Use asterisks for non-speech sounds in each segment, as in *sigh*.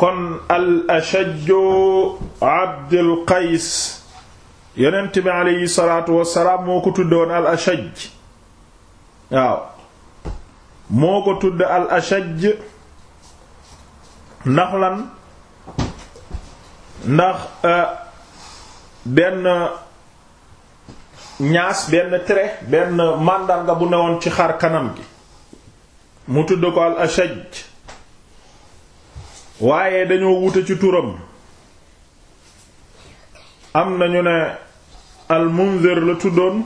kon al ashajju abdul qays yonent bi aleyhi salaatu wasalaam moo ko tudde woon al ashajj waaw moo ko tudde al ashajj ndax lan ndax euh, benn ñaas benn trait benn màndarga bu newoon ci xar kanam gi mu tudde ko al ashajj waaye dañoo wute ci turam am nañu ne almunzir la tuddoon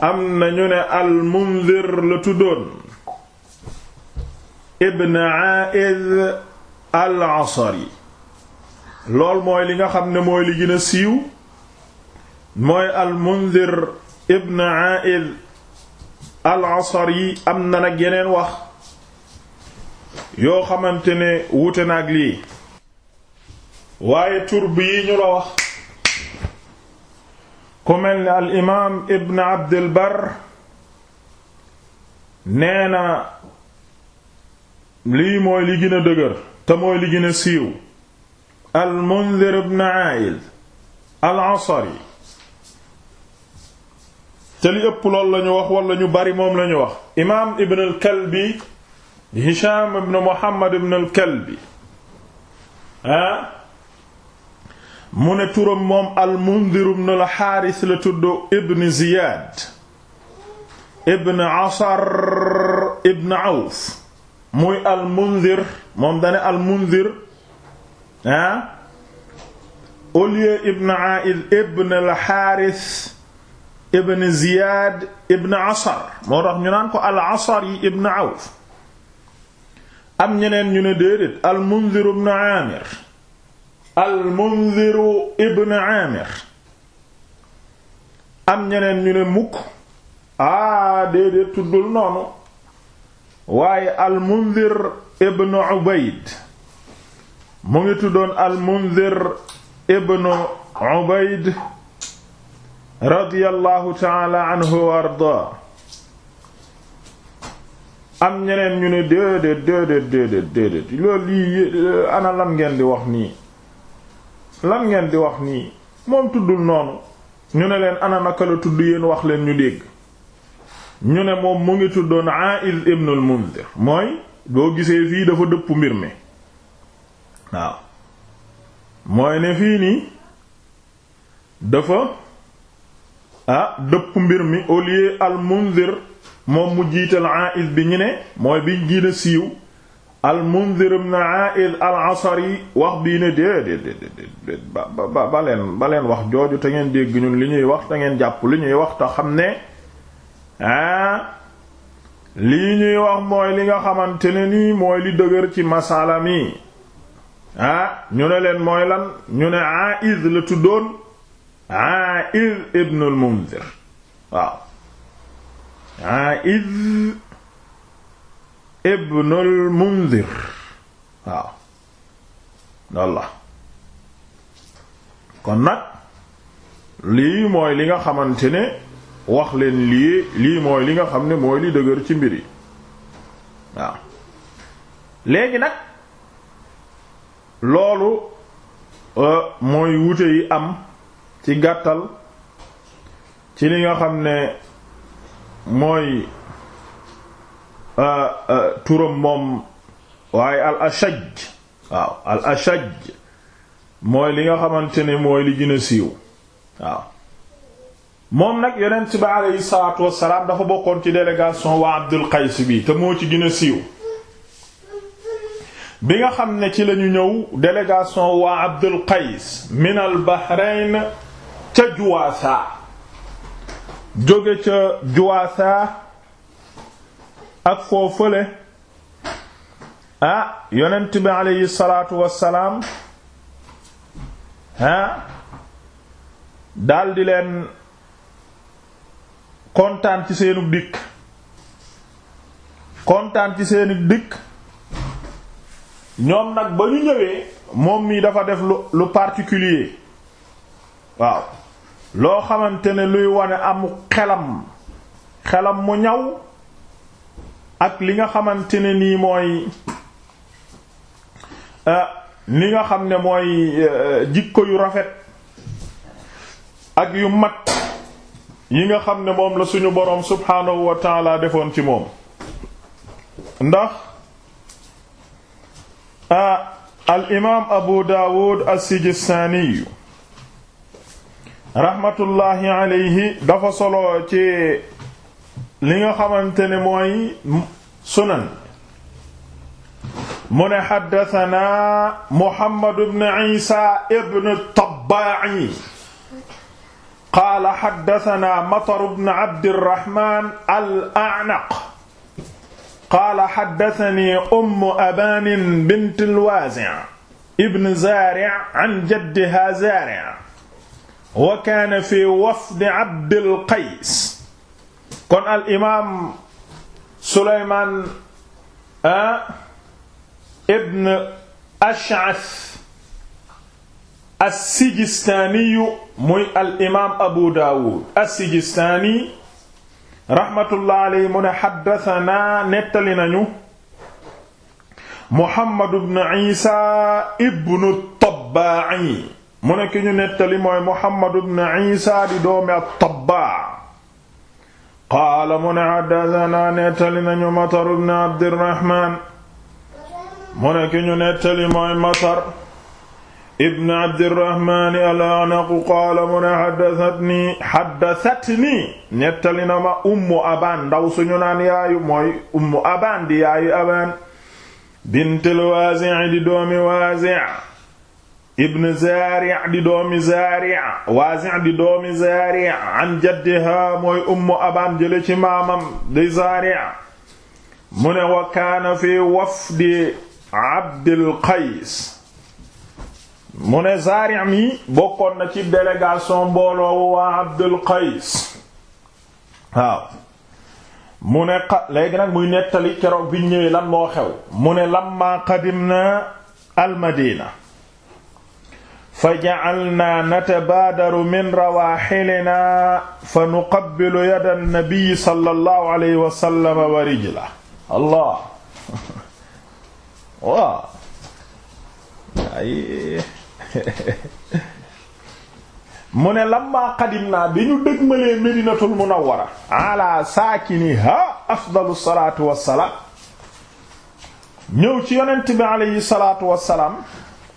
am nañu ne almunzir la tuddoon ibn aaiz al asari lool mooy li nga xam ne mooy li gën a siiw mooy almunzir ibn aaiz al yi am na nag yeneen wax yoo xamante ne wuute naag lii waaye tur bi ñu la wax ku mel ni al imaam ibn abdul bar nee na lii mooy li gën a dëgër te mooy li gën siiw al mundir ibn aayil al asari te li ëpp lool lañu wax wala ñu bari moom lañu wax Hisham ibn Muhammad ibn al-Kalbi ah mu ne turam moom al-Mundhir ibn al-Haaris la tudd ibn Ziyad ibn Asar ibn Awf muy al-Mundhir moom dane al-Mundhir ah au lieu ibn Aa'id ibn al-Haaris ibn Ziyad ibn Asar moo tax ñu naan ko al-Asari ibn Awf am ñeneen ñu ne déedéet al mundiru ibn aamir am ñeneen ñu ne mukk aa ah, déedéet tuddul noonu waaye al mundir ibn ubayd mu ngi tuddoon al mundir ibn ubayd radiyallahu taala anhu wa ardaa am ñeneen ñu ne déedéet déedéet déedéet déedéet loolu lii euh, ana lan ngeen di wax nii lan ngeen di wax nii moom tuddul noonu ñu ne leen ana naka la tudd yéen wax leen ñu dégg ñu ne moom mu ngi tuddoon A'iz ibn al mooy boo gisee fii dafa dëpp mbir mi waaw mooy ne fii nii dafa ah dëpp mbir mi au lieu al munzir moom mu jiital Aïs bi ñu ne mooy bi gën a siiw al munzir na Aïs al asari wax bii ne déedéet ba ba ba leen ba leen wax jooju te ngeen dégg ñun li ñuy wax te ngeen jàpp li ñuy wax te xam ne ah lii ñuy wax mooy li nga xamante ne nii mooy li dëgër ci masala mi ah ñu ne leen mooy lan ñu ne Aïs la tuddoon. A'iz ibn al waaw waaw walla kon nag lii mooy li nga xamante ne wax leen lii mooy li nga xam ne mooy li dëgër ci mbir yi waaw léegi nag loolu euh, mooy wute yi am ci gàttal ci li nga xam ne mooy euh, euh, turam moom waaye al ashaj waaw al ashaj mooy li nga xamante ne mooy li gën a siiw waaw moom nag yonent bi aleyhi salaatu wassalaam dafa bokkoon ci délégation waa Abdul Qays bi te moo ci gën a siiw bi nga xam ne ci lañu ñëw délégation waa Abdul Qays min al Bahrain ca juwaasa jóge ca juwaasa ak foofale ah yonent bi aleyhi wassalaam ah daldi leen kontaan ci seenu dikk kontaan ci seeni dikk ñoom nag ba ñu ñëwee moom mii dafa def lu lu particulier waaw loo xamante ne luy wane amu xelam xelam mu ñaw ak li nga xamante ne nii mooy euh, ni nga xam ne mooy euh, jikko yu rafet ak yu mat yi nga xam ne moom la suñu boroom subhaanahu wa defoon ci moom ndax euh, al imaam Abu Daawud as-Sijistaani rahmatullahi alayhi dafa solo ci li nga xamante ne mooy sunan mu ne xaddatanaa Muhammad ibn Isa ibn Tabbaa'i qaala xaddatanaa Matar ibn Abdirrahman al-A'naq qaala xaddatanii Ummu Abaan bint al-Waazi' ibn Zaari' an jaddihaa Zaari' wa kaana fi wafdi Abdul Qays kon al imaam Souleymane ah Ibn Ash'ath as-Sijistaaniyu muy al imaam Abu Daawud as-Sijistaani rahmatullahi alayhi mu ne haddathanaa nettali nañu Muhammad ibn Iisaa ibn Tabbaa'i mu ne ki ñu nettali mooy Muhammad ibn Isa di doomi at-Tabbaa qaala mu ne haddasanaa nettali nañu Matar ibn Abdirrahmaan mu ne ki ñu nettali mooy Matar ibn Abdirrahmaan al-A'naq qaala mu ne haddathatnii haddathatnii nettali na ma Ummu Abaan ndaw suñu naan yaayu mooy Ummu Abaan di yaayu Abaan bintul Waazi' di doomi Waazi' ibn Zari' di doomi Zari' Waasi' di doomi Zari' ci maamam di Zari' mu ne wa kaana fi wafdi Abdul mu ne Zari' mi bokkoon na ci délégation mbooloo waa Abdul mu ne xa léegi nettali keroog bi ñëwee lan moo xew mu ne lamma qadimna al Madina fa jacalnaa natabaadaru min rawaaxilinaa fa nuqabbilu yada nabiyi sallallahu alayhi wa sallam wa rijlahu allah *laughs* waaw ay *laughs* mu ne lamma qadimnaa bi ñu dëgmalee madinatul munawwara ala saakinihaa afdalu salaatu wassalaam ñëw ci yonent bi alayhi salaatu wassalaam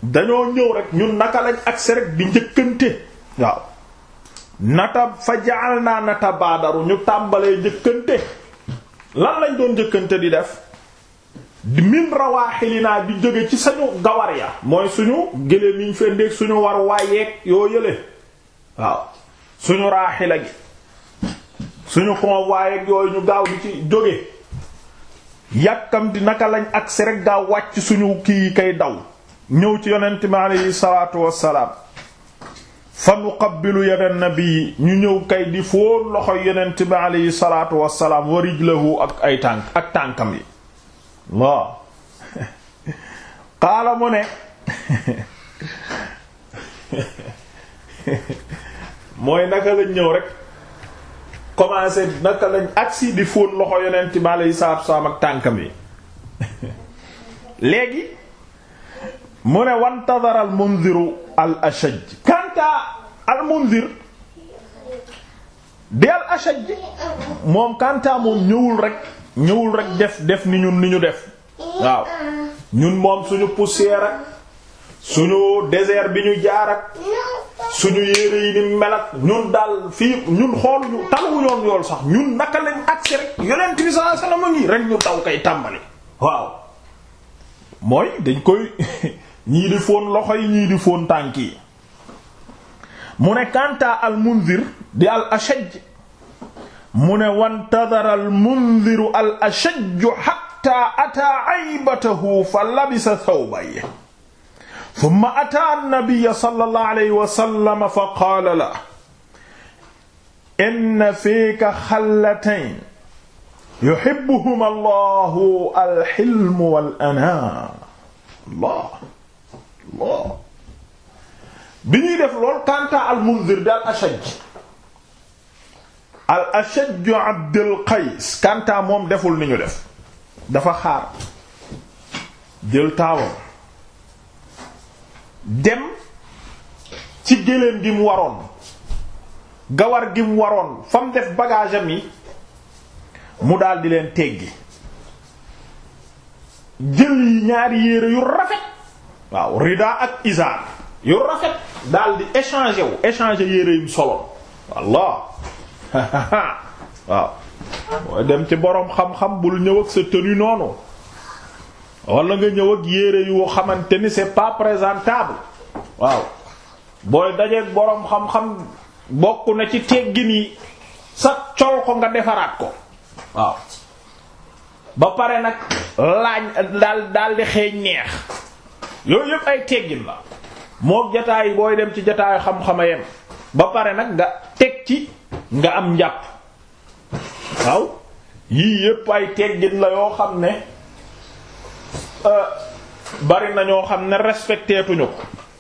dañoo ñëw rek ñun naka lañ ak rek bi njëkkante waaw nata fa jaal naa nata baadaru ñu tàmbalee njëkkante lan lañ doon njëkkante di def min rawaaxilinaa di jóge ci sañu gawar ya mooy suñu géléem yiñ fendeek suñu war waayeeg yoo yële waaw suñu raaxila gi suñu convoi yeeg yooyu ñu gaaw di ci jóge yàkkamti naka lañ ak rek gaa wàcc suñu kii kay daw ñëw ci yonent mi aleyhi salaatu wassalaam fa nuqabbilu yada nabii ñu ñëw kay di fóon loxoy yonent bi aleyhi salaatu wassalaam wa rijlahu ak ay tànk ak tànkam yi waaw ne mooy naka lañ ñëw rek commencé naka lañ agsi di fóon loxo yonent bi aleyhi salaatu wassalaam ak tànkam yi léegi mu ne wantadar al mundiru al ashaj kanta al mundir di al ashaj moom kanta moom ñëwul rek ñëwul rek def def ni ñun ni ñu def waaw ñun moom suñu poussière ak suñu désert bi ñu jaar ak suñu yére yi ni mel ak ñun daal fii ñun xooluñu taluwu ñoon yool sax ñun naka lañ agsi rek yonent bi sallallahu alayhi wasallam ngi rek ñu taw kay tàmbali waaw mooy dañ koy *laughs* ñii di fóon loxo yi ñii di fóon tànk yi mu ne kanta al munzir di al ashaj mu ne wantadara al munziru al ashaj hatta ataa aybatahu fa labisa thawbay thumma ataa an-nabiy sallallahu alayhi wa sallam fa qaala la inna fiika xallatayn yuhibbuhuma allahu al hilm wal anaa allah bon bi ñuy def lool kanta al Munzir di al Ashaj al Ashaj Abdul Qays kanta moom deful ni ñu def dafa xaar jël taawam dem ci géléem gi mu waroon gawar gi mu waroon fa mu def bagage yi mu daal di leen teggi jël yi ñaari yére yu rafet waaw rida ak isaar yu rafet daal di échanger wu échanger yére yim solo wallah *laughs* waaw mooy dem ci boroom xam-xam bul ñëw ak sa tenue noonu wala nga ñëw ak yére yoo xamante ni c'est pas présentable waaw booy dajeeg boroom xam-xam bokk na ci teggin yi sa col ko nga defaraat ko waaw ba pare nag laañ daal daal di xeeñ neex yooyu yëpp ay teggin la moo jataay booy dem ci jataayu xam-xama yem ba pare nag nga teg ci nga am njàpp waaw yii yëpp ay teggin la yoo xam ne euh, bari na ñoo xam ne respecté ko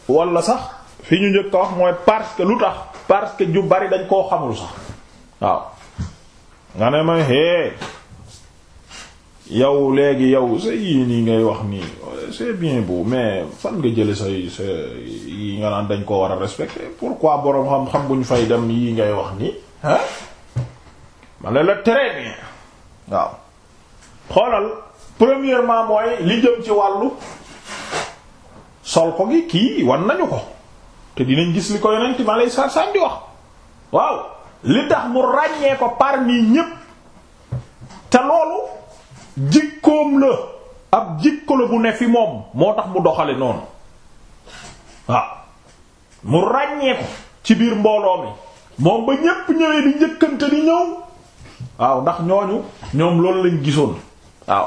wala sax fi ñu njëkk a wax mooy parce que lu tax parce que ju bari dañ koo xamul sax waaw nga ne ma hee yow léegi yow sa yii nii ngay wax nii c'est c'est bien beau mais fan nga jële say sa yi nga naan dañ ko war a respecter pourquoi boroom xam-xam bu ñu fay dem yi ngay wax nii ah ma ne la très bien waaw xoolal premièrement mooy li jëm ci wàllu sol ko gi kii wan nañu ko te dinañ gis li ko yonent ma lay sa sànni wax waaw li tax mu ràññee ko parmi ñépp te loolu jikkoom la ab jikko bu ne fi moom moo tax mu doxale noonu waaw mu ràññee ko ci biir mbooloo mi moom ba ñépp ñëwee di njëkkante di ñëw waaw ndax ñooñu ñoom loolu lañ gisoon waaw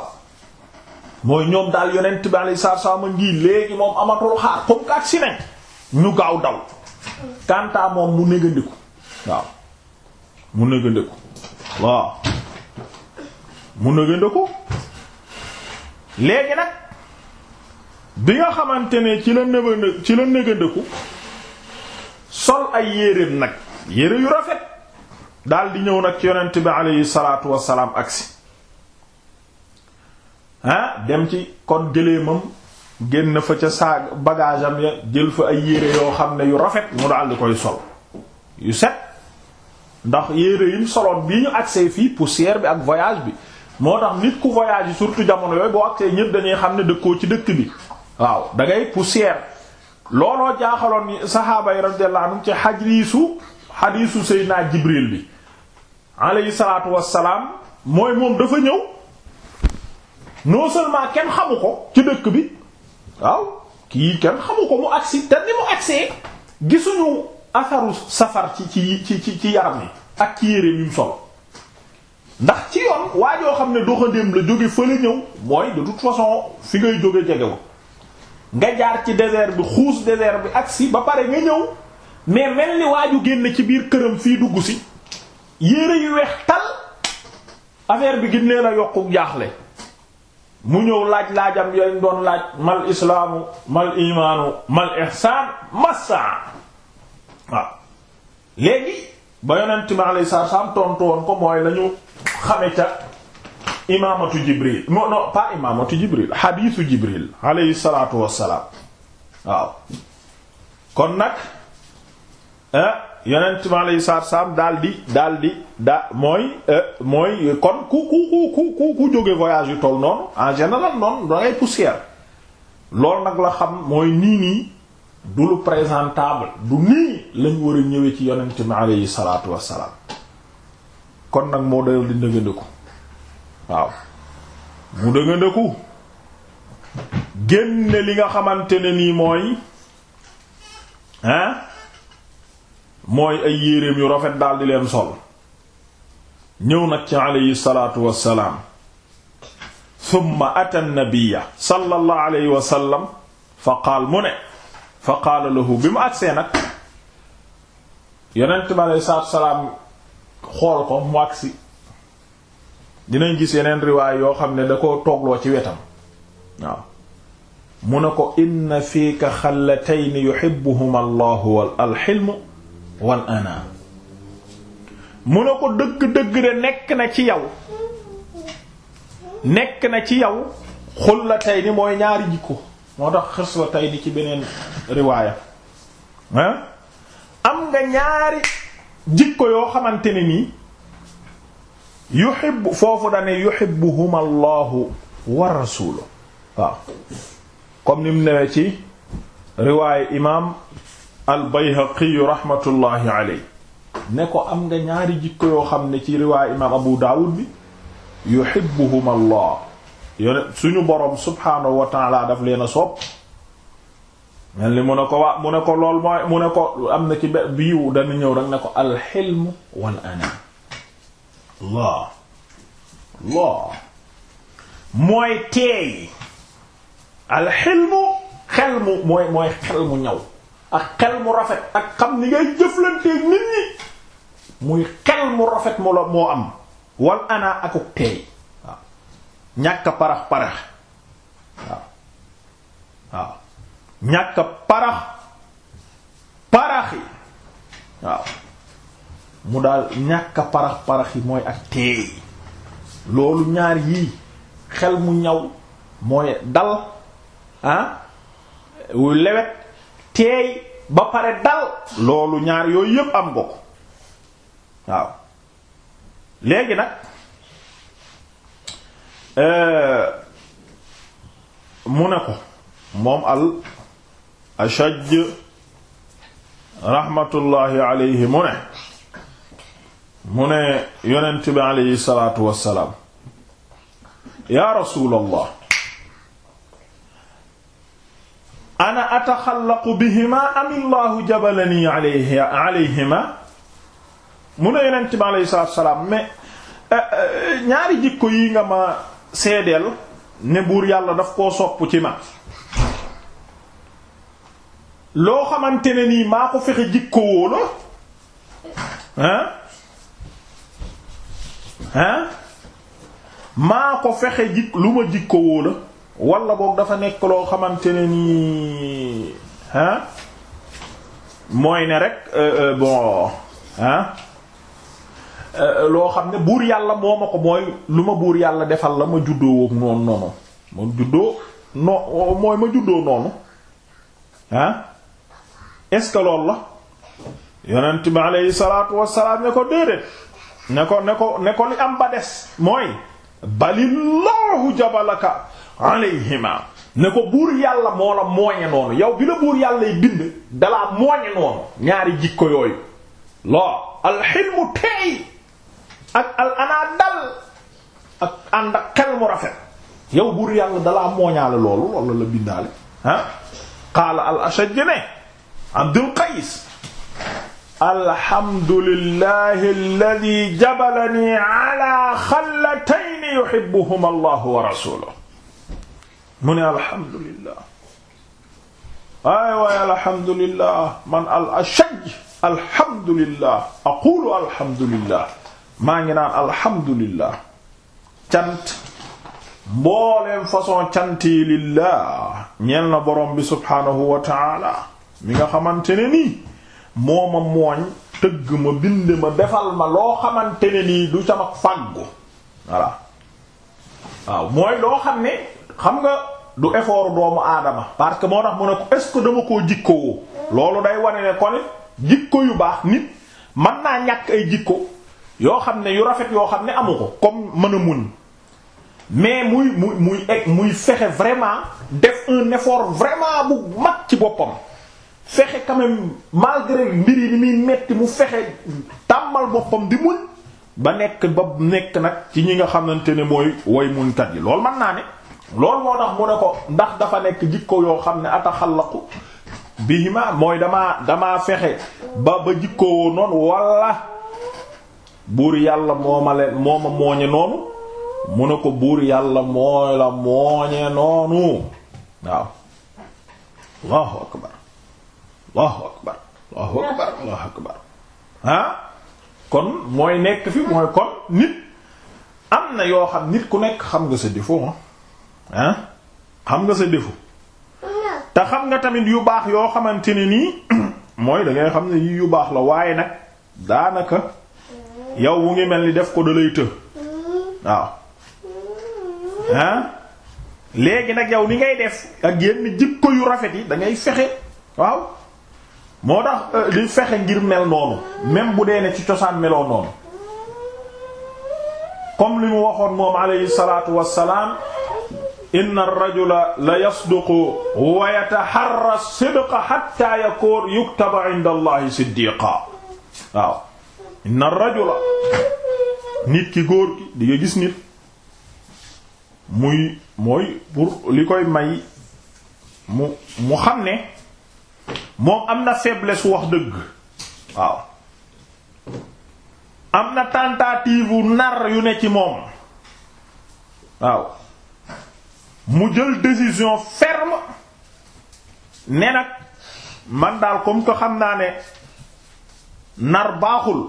mooy ñoom daal yonent bi alayhi salaatu salaam a ngi léegi moom amatul xaar comme si nañ ñu gaaw daw kantaa moom mu négandiku waaw mu négandiku waaw mu négandiku léegi nag bi nga xamante ne ci la nëbënd ci la nëgëndëku sol ay yéreem nag yére yu rafet daldi ñëw nag ci yonent bi aleyhi salaatu wassalaam agsi ah dem ci kon gëléemam génn fa ca saag bagage am ya jël fa ay yére yoo xam ne yu rafet mu daal di koy sol yu set ndax yére yim soloon bii ñu agsee fii poussière bi ak voyage bi moo tax nit ku voyage surtout jamono yooyu boo agsee ñëpp dañuy xam ne dëkkoo ci dëkk bi waaw da ngay poussière looloo jaaxaloon sahaaba yi radiyallahu anhum ci xajriisu xadiisu Seydina Jibril bi alayhi salaatu wassalaam mooy moom dafa ñëw non seulement kenn xamu ko ci dëkk bi waaw kii kenn xamu ko mu agsi te ni mu agsee gisuñu asaru safar ci ci ci ci yaram yi ak ci yére yi mu ndax ci yoon waa joo xam ne doxandéem la jóge fële ñëw mooy de toute façon fi ngay jóge jege ko nga jaar ci désert bi xuus désert bi ak si ba pare nga ñëw mais mel ni waaju génn ci biir këram fii dugg si yére yu weex tal affaire bi gin leen a yokku jaaxle mu ñëw laaj laajam yañ doon laaj mal islaamu mal imaanu mal ihsaan massa waaw léegi ba yonent mi alayhi salaam tontu woon ko mooy lañu xame ca imaamatu jibril non non imaamatu jibril xadiisu jibril alayhi salaatu wassalaam waaw kon nag eh, yonent mi alayhi salaatu wassalaam daal di daal di da mooy eh, mooy kon ku ku ku ku ku jóge voyage yu toll noonu en général noonu da ngay poussière loolu nag la xam mooy nii nii du lu présentable du nii lañ war ñëwee ci yonent mi alayhi salaatu wassalaam kon nag moo dal di ndëgëndëku waaw mu ndëgëndëku génne li nga xamante ne nii mooy hein mooy ay yéreem yu rafet daal di leen sol ñëw nag ci aleyhi salaatu wassalaam thumma ata nabiyya sallallahu alayhi wa sallam fa qaal mu ne fa qaala lahu bi mu agsee nag yonent bi aleyhi salaatu wassalaam xool ko mu agsi dinañ gis yeneen riwaay yoo xam ne da ko toogloo ci wetam waaw mu ne ko inna fiika xallatayn yuhibbuhuma allahu wal alxilmu wal ana mu ne ko dëgg-dëgg de nekk na ci yow nekk na ci yow xullatayni mooy ñaari jikko moo tax xislatayni ci beneen riwaaya am nga ñaari jikko yoo xamante ne nii yuhibbu foofu dane yuhibbuhum allahu wa rasuluhu waaw comme ni mu ci riwaaye imaam al bayhaqi rahmatullahi alayhi ne ko am nga ñaari jikko yoo xam ne ci riwaaye imaam abu daawud bi yuhibbuhum allah yone suñu boroom subhaanahu wa taala daf leen a sopp mel ni mu ne ko waa mu ne ko lool mooy mu ne ko am na ci be biiwu dana ñëw rek ne ko alxilmu wal anam laa laa mooy teey alxilmu xel mu mooy xel mu ñaw ak xel mu rafet ak xam ni ngay jëflanteeg nit ñi muy xel mu rafet mu la moo am wal ana akuk teey waaw ñàkk parax parax waaw ñàkk parax parax yi waaw mu daal ñàkk parax parax yi mooy ak teey loolu ñaar yii xel mu ñaw mooy dal ah wu lewet teey ba pare dal loolu ñaar yooyu yépp am nga ko waaw léegi nag euh, mu ne ko moom al ashaj raxmatullaahi mu ne mu ne yonent bi alayhi salaatu wassalaam yaa rasuulallah ana ataxallaqu bihimaa amillaahu jabalani alayhi alayhimaa mu ne yonent bi alayhi salaatu wassalaam eh, eh, ñaari jikko yi nga ma seedeel ne buur yàlla daf koo sopp ci ma loo xamante ne nii maa ko fexe jikkowoo la hein hein maa ko fexe jikk lu ma jikkowoo la wala boog dafa nekk loo xamante ne nii hein mooy ne rek euh, euh, euh, euh loo xam ne buur yàlla moo ma mooy lu ma buur yàlla defal la ma juddoo woog noonu noonu ma juddoo noo mooy ma juddoo noonu hein est-ce que loolu la yonent bi aleyhi wassalaam ne ko déedéet ne ko ne ko ne ko li am ba des mooy balillahu jabalaka alayhima ne ko buur yàlla moo la mooñe noonu yow bi la buur yàlla bind dalaa mooñe noonu ñaari jikko yooyu loo alxilmu teey ak al anaa dal ak ànd ak xel mu rafet yow buur yàlla dalaa mooñaale loolu loolu la bindaale ah qaala al ashaj ne Abdul Qays alhamdulillahi alladhi jabalani ala xallatayni yuhibbuhuma allahu wa rasuluhu mu ne alhamdulillah ay waay alhamdulillah man al ashaj alhamdulillah aqulu alhamdulillah maa ngi naan alhamdulillah cant mbooleem façon cant yi lillah ñeel na borom bi subhaanahu wa ta'ala mi nga xamante ne nii moo ma mooñ tëgg ma bind ma defal ma loo xamante ne nii du sama fàggu voilà waaw mooy loo xam ne xam nga du effort doomu aadama parce que moo tax mu ne ko est que dama koo jikkoo loolu day wane ne kon jikko yu baax nit man naa ñàkk ay jikko yoo xam ne yu rafet yoo xam ne amu ko comme mën a muñ mais muy muy muy muy fexe vraiment def un effort vraiment bu mag ci boppam fexe quand même malgré ni muy metti mu fexe tàmmal boppam di muñ ba nekk ba nekk nag ci ñi nga xamante ne mooy way muñkat yi loolu mën naa ne lool moo tax mu ne ko ndax dafa nekk jikko yoo xam ne ataxallaqu bihima mooy damaa damaa fexe ba ba jikkoo noonu wala buur yàlla moo ma leen moo ma mooñe noonu mu ne ko buur yàlla mooy la mooñe noonu waaw allahu akbar allahu akbar allahu akbar allahu akbar ah kon mooy nekk fi mooy kon nit am na yoo xam nit ku nekk xam nga sa défaut ah. xam nga sa mm-hmm. te xam nga tamit yu baax yoo xamante ni nii *coughs* mooy da ngay xam ne yi yu baax la waaye nag daanaka mm-hmm. yow mu ngi mel ni def ko da të mm-hmm. waaw ah léegi nag yow ni ngay def ak yenn jikko yu rafet yi dangay ngay fexe waaw moo tax li euh, fexe ngir mel noonu même bu dee ne ci cosaan meloo noonu comme li mu waxoon moom alayhi salaatu wassalaam inna ar-rajula la yasduqu wa yataharra as-sidqa hatta yakun yuktaba waaw inna ar nit ki góor gi di gis nit muy mooy pour li koy may mu xam ne moom am na faiblesse wax dëgg waaw am na tentative nar yu ne ci moom waaw mu jël décision ferme ne nag man daal comme ko xam naa ne nar baaxul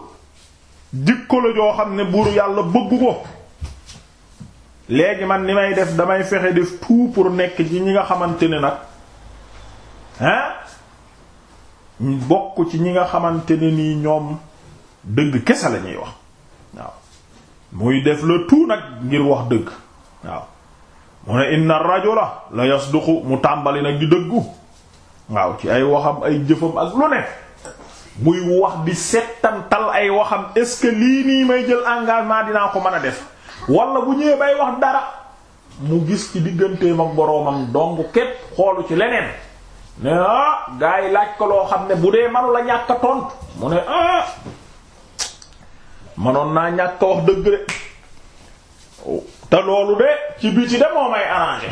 jikko la joo xam ne buur yàlla bëggu ko léegi man ni may def damay fexe def tout pour nekk ci ñi nga xamante ne nag hein bokk ci ñi nga xamante ne nii ñoom dëgg kese la ñuy wax waaw muy def le tout nag ngir wax dëgg waaw mu ne inna rajula la yasduqu mu tàmbali nag di dëggu waaw ci ay waxam ay jëfam ak lu ne muy wax di settantal ay waxam est-ce lii nii may jël engagement dinaa ko mën a def wala bu ñëwee bay wax dara mu gis ci digganteem ak boroomam dong képp xoolu ci leneen ne ah gaa yi laaj ko loo xam ne bu dee manu la ñàkk a tontu mu ne ah manoon naa ñàkk a wax dëgg de te loolu de ci biti de moo may arrangé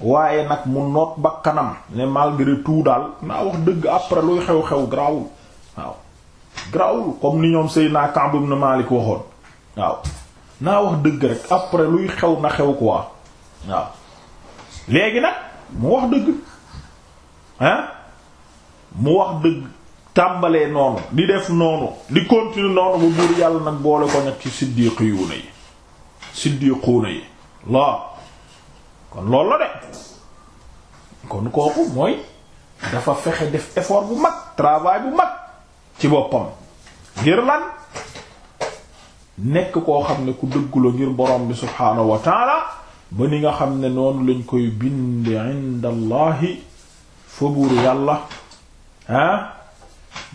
waaye nag mu noot kanam ne malgré tout daal naa wax dëgg après luy xew-xew grawul waaw grawul comme ni ñoom Seydina Ka'b ibn Malik waxoon waaw naa wax dëgg rek après luy xew na xew quoi waaw léegi nag mu wax dëgg ah mu wax dëgg tàmbalee noonu di def noonu di continuer noonu bu buur yàlla nag boole ko nag ci siddiqiyuuna yi siddiquuna yi laa kon loolu la de kon kooku mooy dafa fexe def effort bu mag travail bu mag ci boppam ngir lan nekk koo xam ne ku dëggula ngir borom bi subhaanahu wa taala ba ni nga xam ne noonu lañ koy bind inda fa buuru yàlla ah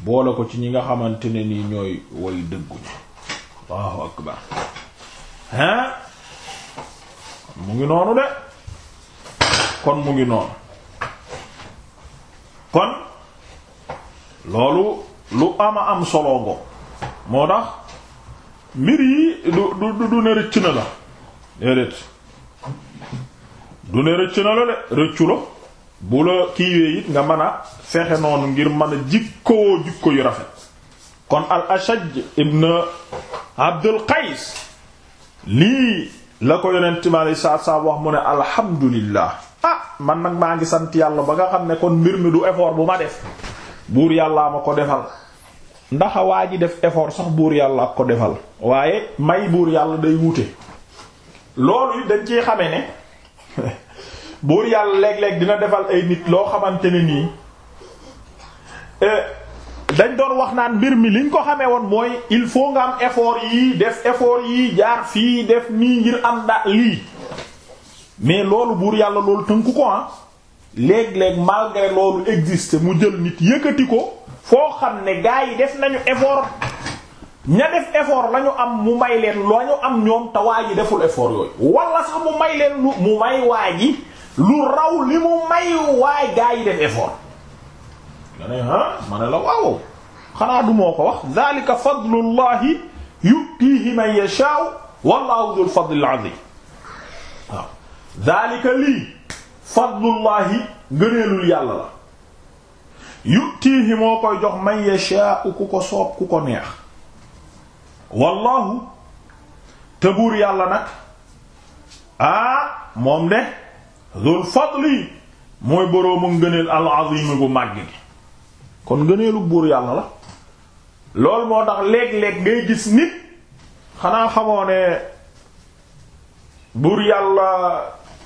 boole ko ci ñi nga xamante ne nii ñooy way dëgguñu Allahu akbar ah mu ngi noonu de kon mu ngi noonu kon loolu lu ama am solo ngo moo tax mbir yi du du du ne rëcc na la déedéet du ne rëcc na la de rëccu la bu la kiiwee it nga mën a fexe noonu ngir mën a jikkoo jikko yu rafet kon al ashaj ibn abdul qays lii la ko yonent mi alei saatu salaam wax mu ne alhamdulillah ah man nag maa ngi sant yàlla ba nga xam ne kon mbir mi du effort bu ma def buur yàllaa ma ko defal ndaxa waa ji def effort sax buur yàlla ak ko defal waaye may buur yàlla day wuute loolu dañ ci xame ne *laughs* buur yàlla léeg-léeg dina defal ay nit loo xamante ne nii e, dañ doon wax naan mbir mi liñ ko xamee woon mooy il faut nga am effort yi def effort yi jaar fii def nii ngir am da lii mais loolu buur yàlla loolu tënku ko ah léeg-léeg malgré loolu existe mu jël nit yëkkati ko foo xam ne gaa yi def nañu effort ña def effort lañu am mu may leen loo ñu am ñoom te waa ji deful effort yooyu wala sax mu may leen mu may waa ji lu raw li mu may waaye gaa def effort nga ne ah ma la waaw xanaa du moo ko wax zalika fadlullahi yutihi man yasha'u wallahu dhul fadlil azim waaw zalika lii fadlullahi ngëneelul yàlla la yutihi moo koy jox man ku ko soob ku ko neex wallahu te buur yàlla nag ah moom de zul fadli mooy boroomu ngëneel al bu gu gi kon ngëneelu buur yàlla la loolu moo tax léeg-léeg ngay gis nit xanaa xamoo ne buur yàlla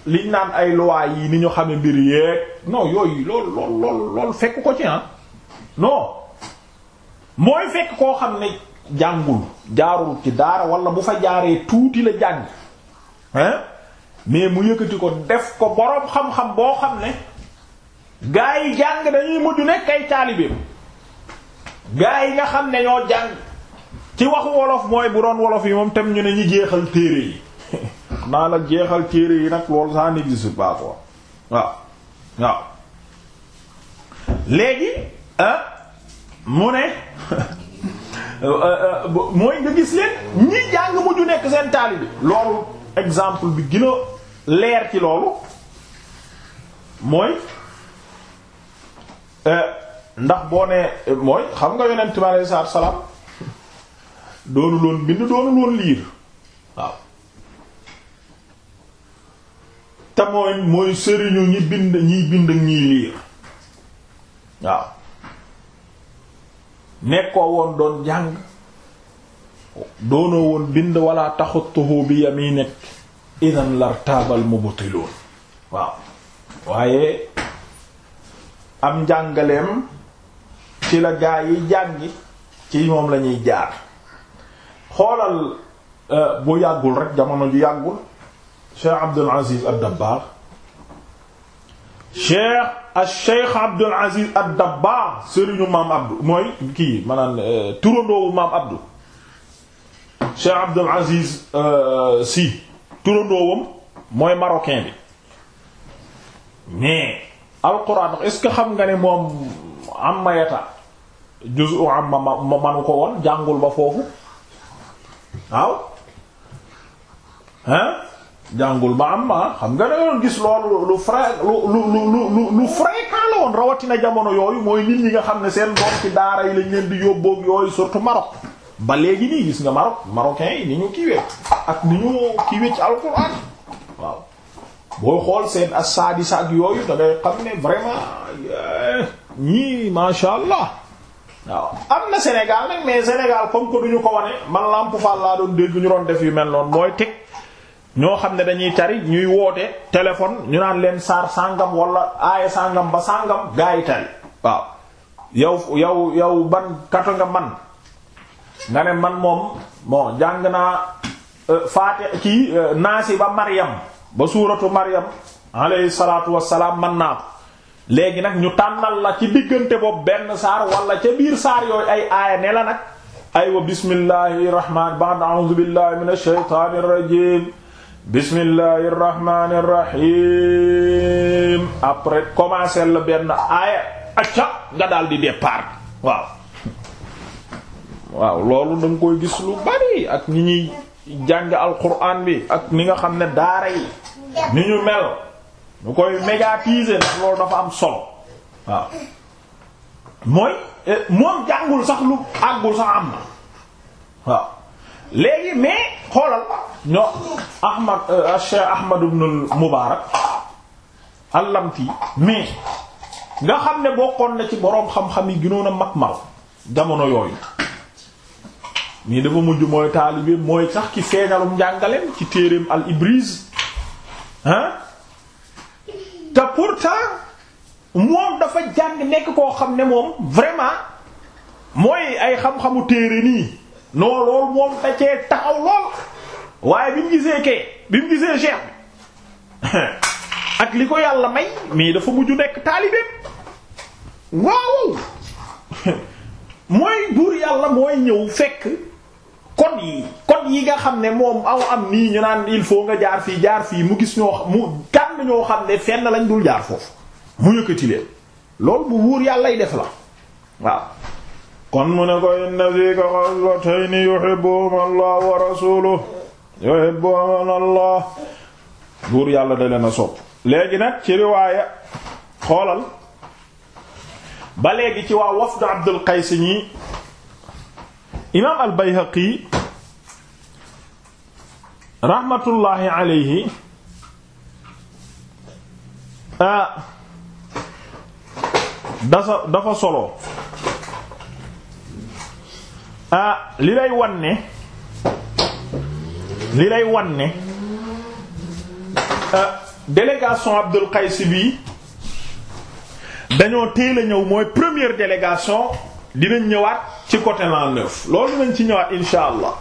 liñ naan ay loi yi ni ñu xame mbir yeeg non yooyu lool lool lool fekk ko ci ah non mooy fekk koo xam ne jàngul jaarul ci daara wala bu fa jaaree tuuti la jàng hein mais mu yëkkati ko def ko boroom xam-xam boo xam ne gaa yi jàng dañuy mujj nekk ay taalibeem gaa yi nga xam ne ñoo jàng ci waxu wolof mooy bu doon wolof yi moom tam ñu ne ñu jeexal téere yi *laughs* jeexal téere yi nag loolu ça n'existe ah, mu ne *laughs* euh, euh, euh, mooy nga gis leen ñi jàng mujj nekk seen taalibe loolu exemple bi gën a leer ci loolu mooy euh, ndax boo nee mooy xam nga yonent bi alayhi salaatu wa salaam doonu loon bind doonu loon liir waaw te mooy sëriñu ñi bind ñiy bind ak ñiy liir waaw nekkoo woon doon jàng doonoo woon bind wala taxutuhu bi yaminik idan lartaabal mubtiluun waaw waaye am njàngaleem ci la gaa yi jàngi ci moom lañuy jaar xoolal euh, bu yàggul rek jamono ju yàggul Cheikh Abdul Aziz ad-Dabbar Cheikh as Abdul Aziz ad-Dabbar euh, Abdul Aziz euh, si turandoowam mooy marokin bi mais alquran est-ce que xam nga ne moom am mayata juzu am ma ma manu ko woon jàngul ba foofu waaw hein jàngul ba am ma xam nga ne yoon gis loolu lu fra lu lu lu lu lu la woon rawatina jamono yooyu mooy nit ñi nga xam ne seen doom ci daara yi lañ leen di yóbboog yooyu surtout Maroc ba léegi nii gis nga Maroc marocain yi ni ñu kiiwee ak ni ñu kiiwee ci alxuraan waaw booy xool seen as-sadisa ak yooyu da ngay xam ne vraiment eh, ñii masha Allah waaw am na Sénégal nag mais Sénégal comme que duñu ko wane man Lamp Fall laa doon dégg ñu doon def yu mel noonu mooy teg ñoo xam ne dañuy tari ñuy woote téléphone ñu naan leen saar sàngam wala aaya sàngam ba sàngam gaa yi tari waaw yow yow yow ban kato nga man nga ne man moom bon jàng naa euh, faate ci euh, naasi ba Maryam ba suuratu Maryam alayhi salaatu wassalaam man naa ko léegi nag ñu tànnal la ci diggante boobu benn saar wala ca biir saar yooyu ay aaya ne la nag aywa bismillahi rahman ba'd a'udhu billahi minash shaytanir rajim bismillahi rahmanir rahim après commencer la benn aaya acca nga daal di départ waaw waaw loolu da koy gis lu bari ak ni ñuy jàng alquran bi ak ni nga xam ne daara yi ni ñu mel ñu koy médiatiser ndax loolu dafa am solo waaw mooy eh, moom jàngul sax lu àggul sax am na waaw léegi mais xoolal ñoo Ahmad euh, Cheikh Ahmad ibn al allamti mais nga xam ne bokkoon na ci boroom xam-xam yi gënoon a mag mal jamono yooyu nii dafa mujj mooy taalibe mooy sax ci feeñalum njàngaleem ci téereem al ibris ah te pourtant moom dafa jàng nekk koo xam ne moom vraiment mooy ay xam-xamu téere nii non loolu moom da cee taxaw lool waaye bi mu gisee kee bi mu gisee cheikh *laughs* ak li ko yàlla may mais dafa mujj nekk taalibeem waaw *laughs* mooy buur yàlla mooy ñëw fekk code yi code yi nga xam ne moom aw am nii ñu naan il faut nga jaar fii jaar fii mu gis ñoo mu gànn ñoo xam ne fenn lañ dul jaar foofu mu yëkkati leen loolu bu wuur yàllay def la waaw kon mu ne ko inna fiika xaslatayni yuhibbuhuma allah wa rasuluhu yuhibbuhuma allah buur yàlla de leen a sopp léegi nag ci riwaaya xoolal ba léegi ci waa wafdu abdul qays ñi imaam al bayhaqi raxmatullaahi alayhi ah, dasa dafa solo ah li lay wan ne li lay wan ne ah, délégation Abdul Qays bi dañoo teel a ñëw mooy première délégation dinañ ñëwaat ci côté l'an ci ñëwaat insha allah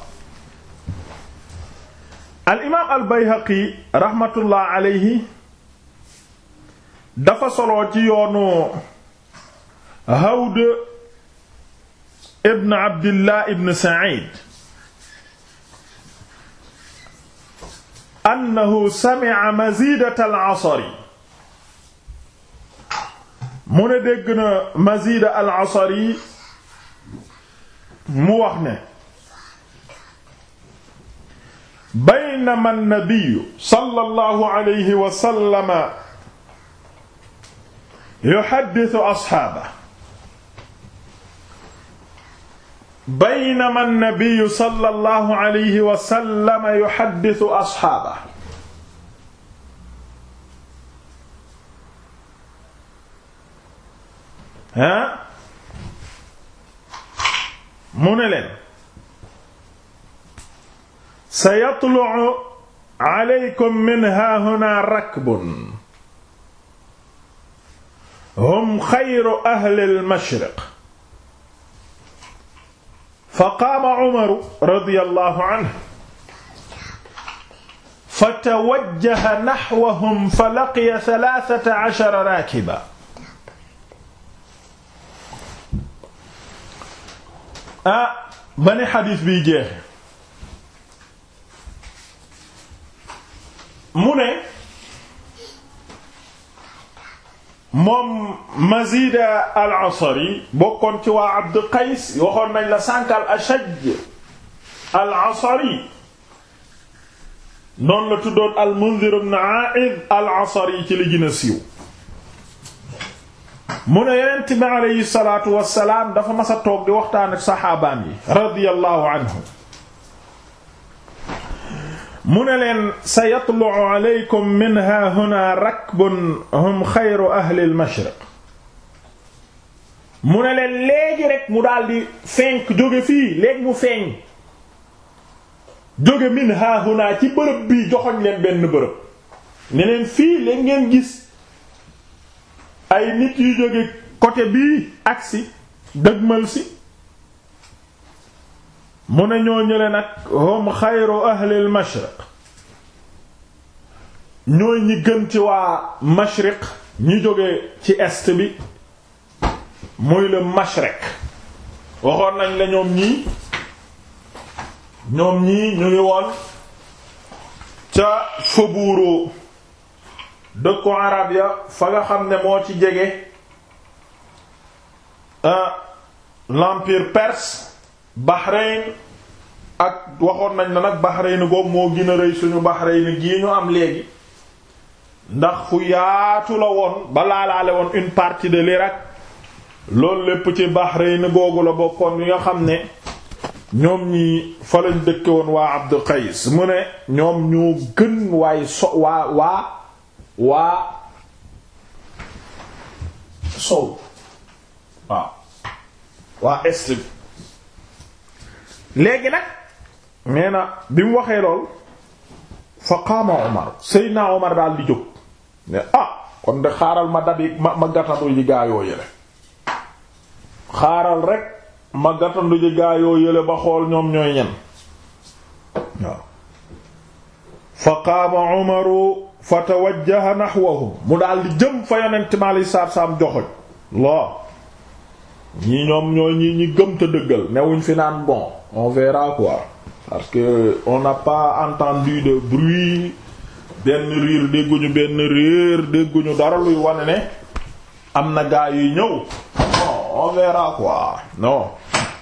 al imaam al bayhaqi rahmatullah alayhi dafa solo ci yoonu hawd ibn abdillah ibn sa'id annahu sami'a mazidat al asri al asri mu wax ne baynama nabiyu sallallahu alayhi wa sallama yuhaddithu asxaaba baynama nabiyu sallallahu alayhi wa sallama yuhaddithu asxaaba ha mu ne leen sa yatlu'u aleykum min haahuna rakbun hum xayru ahli almashriq fa qaama umaru radiyallahu anhu fa tawajjaha naxwahum fa laqiya talaatata ashara raakiba ah ba ni xadiis biy jeexe mu ne moom Mazida al-Asri bokkoon ci waa Abd Qays waxoon nañ la sànq al-Ashaj al-Asri noonu la tuddoon al-Mundhir ibn A'id al-Asri ci li gën a siiw mu ne yonent bi aleyhi salaatu dafa mas a toog di waxtaan ak saxaabaan yi radiyallahu mu ne leen sa yatlu aleykum min mu ne leen léegi mu daldi fenk jóge fii léegi feeñ jóge min ha huna ci bërëb bi joxoñ leen benn bërëb ne leen fii léegi ngeen gis ay nit yu jóge côté bii agsi dëgmal si mu ne ñoo ñële nag hum xayru ahlil mashriq ñooy ñi gën ci waa mashriq ñi jóge ci est bi muy le mashriq waxoon nañ la ñoom ñii ñoom ñii ñu ngi woon ca fa buuroo dëkku arab ya fa nga xam ne moo ci jege euh, l'empire perse Bahreïn ak waxoon nañ na nag Bahreïn boobu moo gina a rëy suñu Bahreïn gii ñu am léegi ndax fu yaatu la woon ba laalaale woon une partie de l'Irak loolu lépp ci Bahreïn googu la bokkoon yi nga xam ne ñoom ñi fa lañ dëkke woon waa Abdul Qais mu ne ñoom ñoo gën waaye so waa waa waa sow waaw waa est léegi nag nee na bi mu waxee lool fa qaama Omar Seydina Omar daal di jóg ne ah kon de xaaral ma dabi ma ma gàttandu ji gaayoo yële xaaral rek ma gàttandu ji gaayoo yële ba xool ñoom ñooy ñen waaw fa qaama Omaru fa tawajjaha nahwahum mu daldi di jëm fa yonent mi alayhi salaatu salaam loo ñii ñoom ñooy ñi ñi gëm te dëggal newuñ fi naan bon on verra quoi parce que on n'a pas entendu de bruit benn riir dégguñu benn riir dégguñu dara luy wane ne am na gaa yuy ñëw non on verra quoi non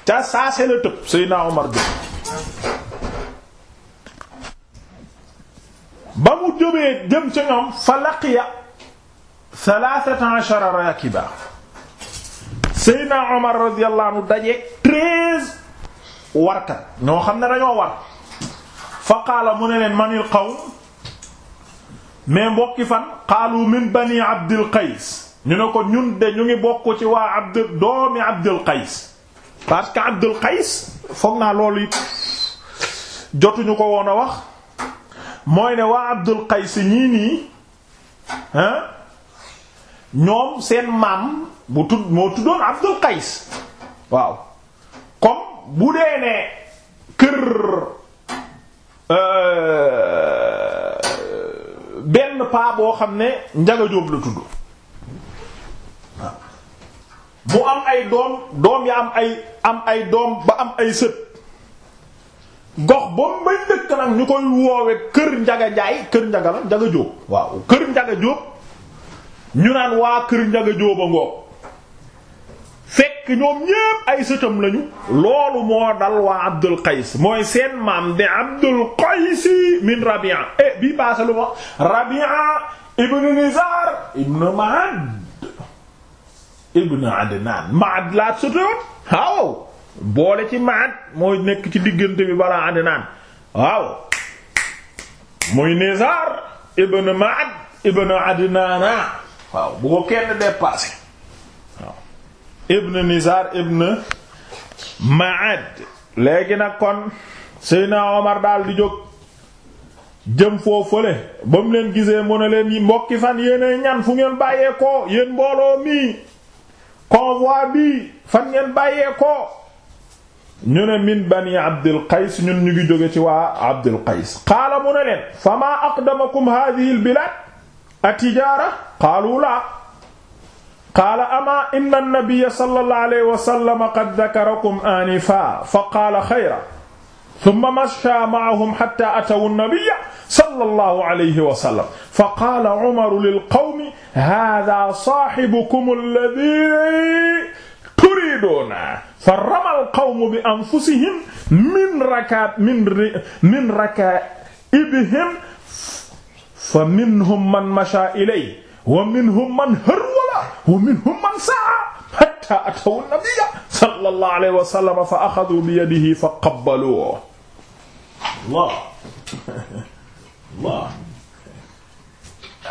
ca saa see la tëb Seydina Omar jë ba mu jógee jëm ca ñoom fa laqiya thalathata ashara rakiba seydna omar radiyallahu anhu daje treize warkat ñoo xam ne rañoo war fa qaala mu ne leen manil qawm mais mbokki fan qaalu min bani abdil qays ñu ne ko ñun de ñu ngi bokk ci waa abd doomi abdil qays parce que abdil qays foog naa loolu it jotuñu ko woon a wax mooy ne waa Abdul Qays ñii nii ñoom seen maam bu tudd moo tuddoon Abdul Qays waaw comme bu dee ne kër euh, benn paa boo xam ne Njaga Jóob la tudd mu am ay doom doom ya am ay am ay doom ba am ay sët gox boobu may dëkk nag ñu koy woowe kër njaga njaay kër njaga la njaga jóob waaw kër njaga jóob ñu naan waa kër njaga jóoba ngoog fekk ñoom ñépp ay sëtam lañu loolu moo dal waa abdul qays mooy seen maam di abdul qays min rabia e bii baasa lu ma rabia ibnu nizar ibnu maad ibnu adnaan maad laa sëtoon waaw boole ci maat moo nekk ci diggante bi balaa adnaan waaw muy nizar ibn maat ibn adnaana waaw bu ko kenn dépassé ibn nizar ibn maad léegi nag kon Seydina Omar daal di jóg jëm foofale ba mu leen gisee mu ne leen mbokki fan yéenay ñan fu ngeen bàyyee ko mbooloo mi convoi bi fan ngeen bàyyee ko ñu ne min bani abdil qays ñun ñu ngi jóge ci waa abdil qays qaala mu ne leen fa maa aqdamakum hadhihi al bilad a tijaara qaalu laa qaala ama inna an-nabiyya sallallahu alayhi wa sallam qad dhakarakum anifa fa qaala khayra thumma masha ma'ahum hatta atawu an-nabiyya sallallahu alayhi wa sallam fa qaala Umar lil qawmi hadha sahibukum alladhi yuriduuna fa ramal qawmu bi anfusihim min rakaat min min rakaa'ibihim fa minhum man mashaa ilay wa minhum man harwala wa minhum man sa'a hatta ataw nabiyya sallallahu alayhi wa sallam fa axaduu bi yadihi fa qabbaluuhu Allah Allah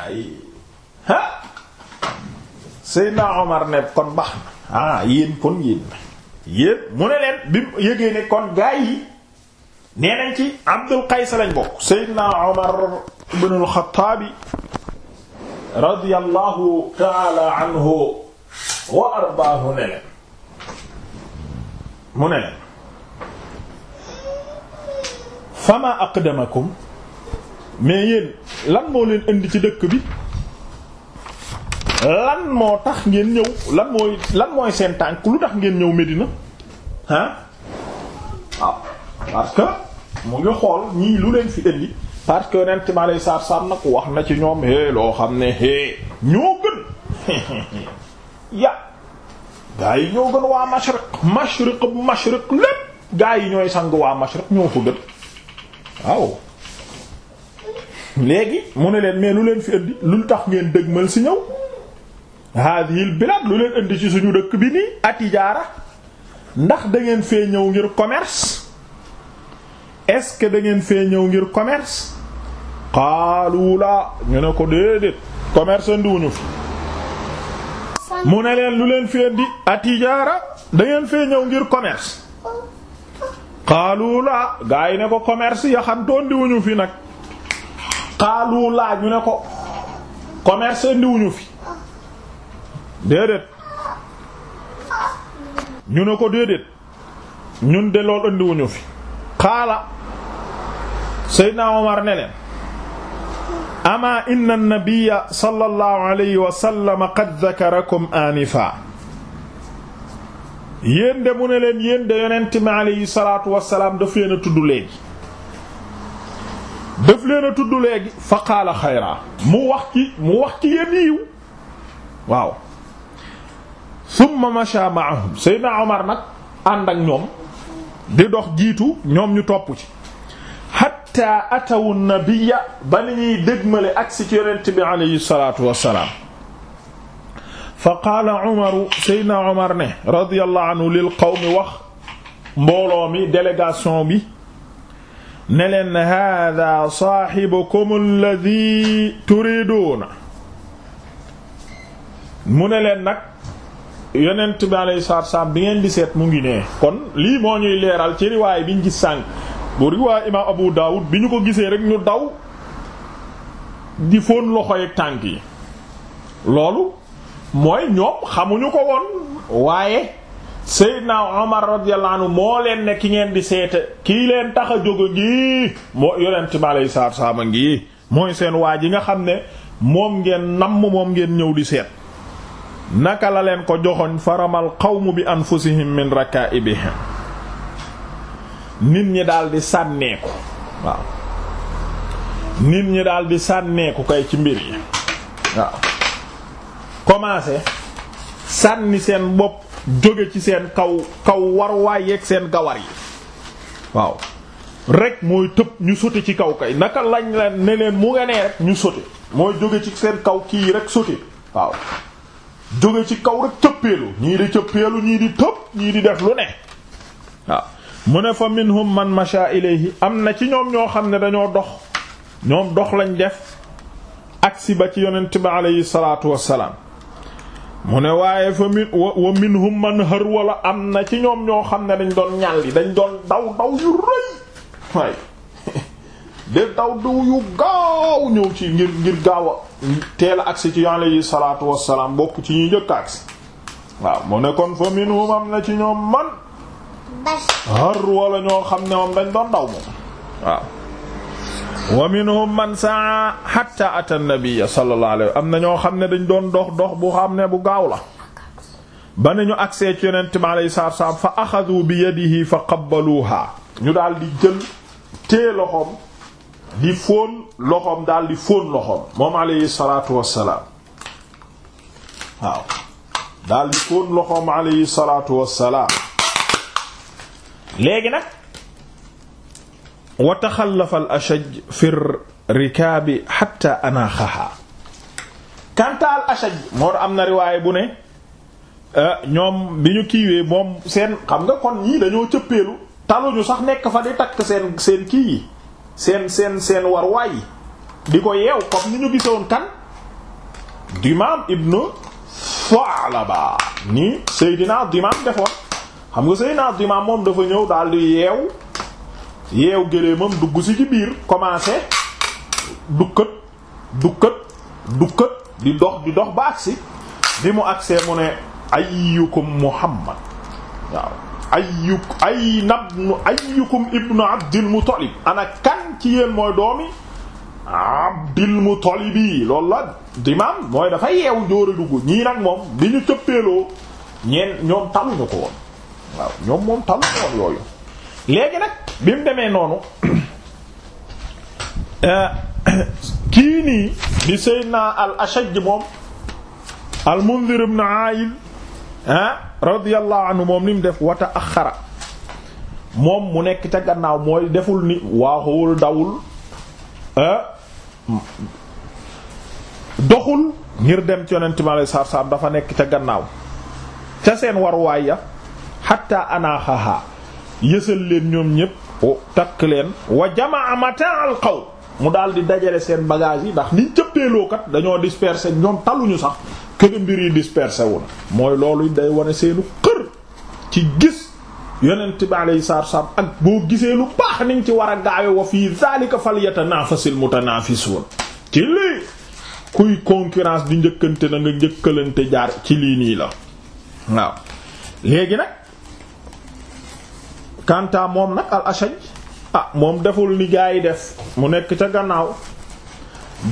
ay ha Seydina Omar ne kon baax na ah yéen kon yéen yéen mu ne leen bi mu yëgee ne kon gaay yi nee nañ ci Abdul Qays lañ bokk Seydina Omar ibn al-Khattab radiyallahu ta'ala anhu wa arbaahu ne leen mu ne leen fama aqdamakum mais yéen lan leen indi ci dëkk bi lan moo tax ngeen ñëw lan mooy lan mooy seen tànk lu tax ngeen ñëw Medina ah parce que mu ngi xool ñii lu leen fi indi parce que yonent mi alayhi salaatu salaam nag wax na ci ñoom é loo xam ne é ñoo gën *laughs* ya gaa yi ñoo gën waa mashriq mashriq bu mashriq lépp gaa yi ñooy sang waa mashriq ñoo ko gën waaw léegi mu ne leen mais lu leen fi indi lu tax ngeen dëgmal si ñëw hadhihi bilad lu leen indi ci suñu dëkk bi nii atijaara ndax dangeen fee ñëw ngir commerce est-ce que da ngeen fee ñëw ngir commerce qaalu ñu ne ko déedéet commerce andiwuñu fi mu ne leen lu leen fee indi atijaara da ngeen fee ñëw ngir commerce qaalu la gaa yi ne ko commerce yaxantu andiwuñu fi nag qaalu la ñu ne ko commerce andiwuñu fi déedéet ñu ne ko déedéet ñun de lool andiwuñu fi xaala Seydina Omar ne leen ama inna an-nabiyya sallallahu alayhi wa sallam qad dhakarakum anifa yéen mu ne leen yéen de yonent mi alayhi salaatu wassalaam daf leen a tudd léegi daf leen a tudd fa qaala xayra mu wax ci mu wax ci yéen waaw thumma masha ma'ahum Seydina Omar nag ànd ak ñoom di dox jiitu ñoom ñu topp ci hatta atawu nabiyya ba ni ñuy dégmale agsi ci yonent bi alayhi salatu wassalaam fa qaala Umaru Seydina Omar ne radiyallahu anhu lil qawmi wax mbooloo mi délégation bi ne leen hada saahibukum alladhi turiduuna mu ne leen nag yonent bi alayhi salaatu salaam bi ngeen di seet mu ngi nee kon lii moo ñuy leeral ci riwaay biñ ñu gis sànq bu riwaay imaam Abu Dawud bi ñu ko gisee rek ñu daw di fóon loxo yeeg tànk yi loolu mooy ñoom xamuñu ko woon waaye Seydina Omar radiyallahu anhu moo leen ne ki ngeen di seete kii leen tax a jóg ngi moo yonent bi alayhi ngi mooy seen waa ji nga xam ne moom ngeen namm moom ngeen ñëw di seet. naka la leen ko joxoñ faramal qawmu bi anfusihim min rakaa'ibihim nit ñi daldi sànneeku waaw nit ñi daldi sànneeku kay ci mbir yi waaw commencé sànni seen bopp jóge ci seen kaw kaw warwaay yeeg seen gawar yi waaw rek mooy tëb ñu sote ci kaw kay naka lañ leen ne leen mu nga nee rek ñu sote mooy jóge ci seen kaw kii rek sote waaw jóge ci kaw rek cëppeelu ñii di cëppeelu ñii di tëb ñii di def lu ne waaw mu ne fa minhum man masha ilayhi am na ci ñoom ñoo xam ne dañoo dox ñoom dox lañ def agsi ba ci yonent bi alayhi salaatu wassalaam mu ne waaye fa min wa minhum man harwala am na ci ñoom ñoo xam ne dañ doon yi dañ doon daw daw yu rëy de daw daw yu gaaw ñëw ci ngir ngir gaaw a teel a agsi ci alayhi salaatu wassalaam bokk ci ñuy njëkk agsi waaw mu ne kon fa minhum am na ci ñoom man har wala ñoo xam ne moom dañ doon daw moom waaw wa minhum man saa hatta ata nabiyya sallallahu alayhi am na ñoo xam ne dañ doon dox dox bu xam ne bu gaaw la ba nañu ñu agsee ci yonent bi alayhi salaatu fa axadu bi yadihi fa qabbaluha ñu daldi di jël tee loxoom di fóon loxoom daal di fóon loxoom moom aleyhi salaatu wassalaam waaw daal di fóon loxoom aleyhi salaatu wassalaam léegi nag wa taxallafa al ashaj fi rikaabi xatta anaaxaha kanta al ashaj am na riwaay bu ne eh, ñoom bi ñu kiiwee moom seen xam nga kon ñii dañoo cëppeelu taluñu sax nekk fa di takk seen seen kii yi seen seen seen war di ko yeew comme ni ñu gisoon kan Dimaam ibnu Saalaba ni Seydina Dimaam defoon xam nga Seydina Dimaam moom dafa ñëw daal di yeew yeew géléemam dugg si ci biir commencé dukkët dukkat dukkat di dox di dox ba agsi bi mu agsee mu ne ayyukum Muhammad waaw ayyuk ay nabnu ayyukum ibnu abdil ana kan ci yéen mooy doomi abdil muttalib dimaam mooy dafa yeewu jóor a dugg ñii nag moom di ñu cëppeeloo ñeen ñoom taluñu ko woon waaw bi mu demee noonu *coughs* euh, *coughs* kii nii di Seydina moom al Mundhir ibn ah radiyallahu anhu moom ni mu def wata axara moom mu nekk ca gannaaw mooy deful ni waaxuwul dawul doxul ngir dem ci yonent mi dafa nekk ca gannaaw ca seen waruwaay ya xatta anaaxaha yësal leen ñoom ñépp takk leen wa jamaa mata'al qawm mu daldi dajale seen bagage yi ndax niñ cëppeeloo kat dañoo disperser ñoom taluñu sax këna mbir yi dispersé wu na mooy loolu day wane seenu ci gis yonent bi alayhi salaatu wassalaam ak boo gisee lu baax niñ ci war a gaawe fii zalika falyatanafasil mutanafisuun ci lii kuy concurrence di njëkkante na nga njëkkalante jaar ci lii nii la waaw léegi nag kanta moom nag al ashaj ah moom deful ni gaa yi def mu nekk ca gannaaw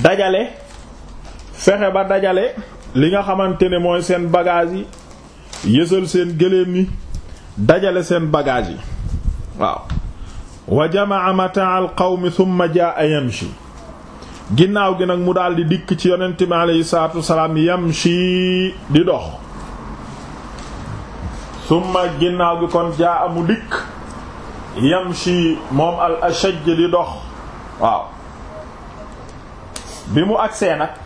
dajale fexe ba dajale li nga xamante ne mooy seen bagaas yi yësal seen gëléem yi dajale seen bagaas yi waaw wa jamaa mataa al qawmi thumma jaa yamshi ginnaaw gi nag mu daldi dikk ci yonent bi aleyhi salaatu wasalaam yamshi di dox thumma ginnaaw gi kon jaa mu dikk yamshi moom al ashaj di dox waaw bi mu agsee nag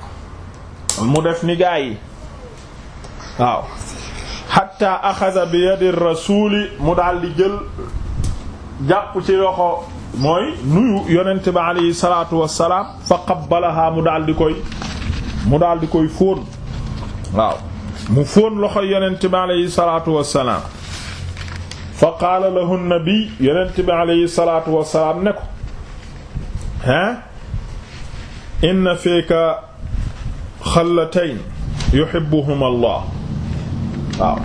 mu def ni gaa yi waaw xatta axasa bi yadi rasuli mu daal di jël jàpp ci loxo mooy nuyu yonent bi alayhi salaatu wassalaam fa qabbalaha mu daal di koy mu daal di koy fóon waaw mu fóon loxo yonent bi alayhi salaatu wassalaam fa qaala lahu nabi yonent bi alayhi salaatu wassalaam ne ko hein inna fiika xallatayn yuhibbuhuma allah waaw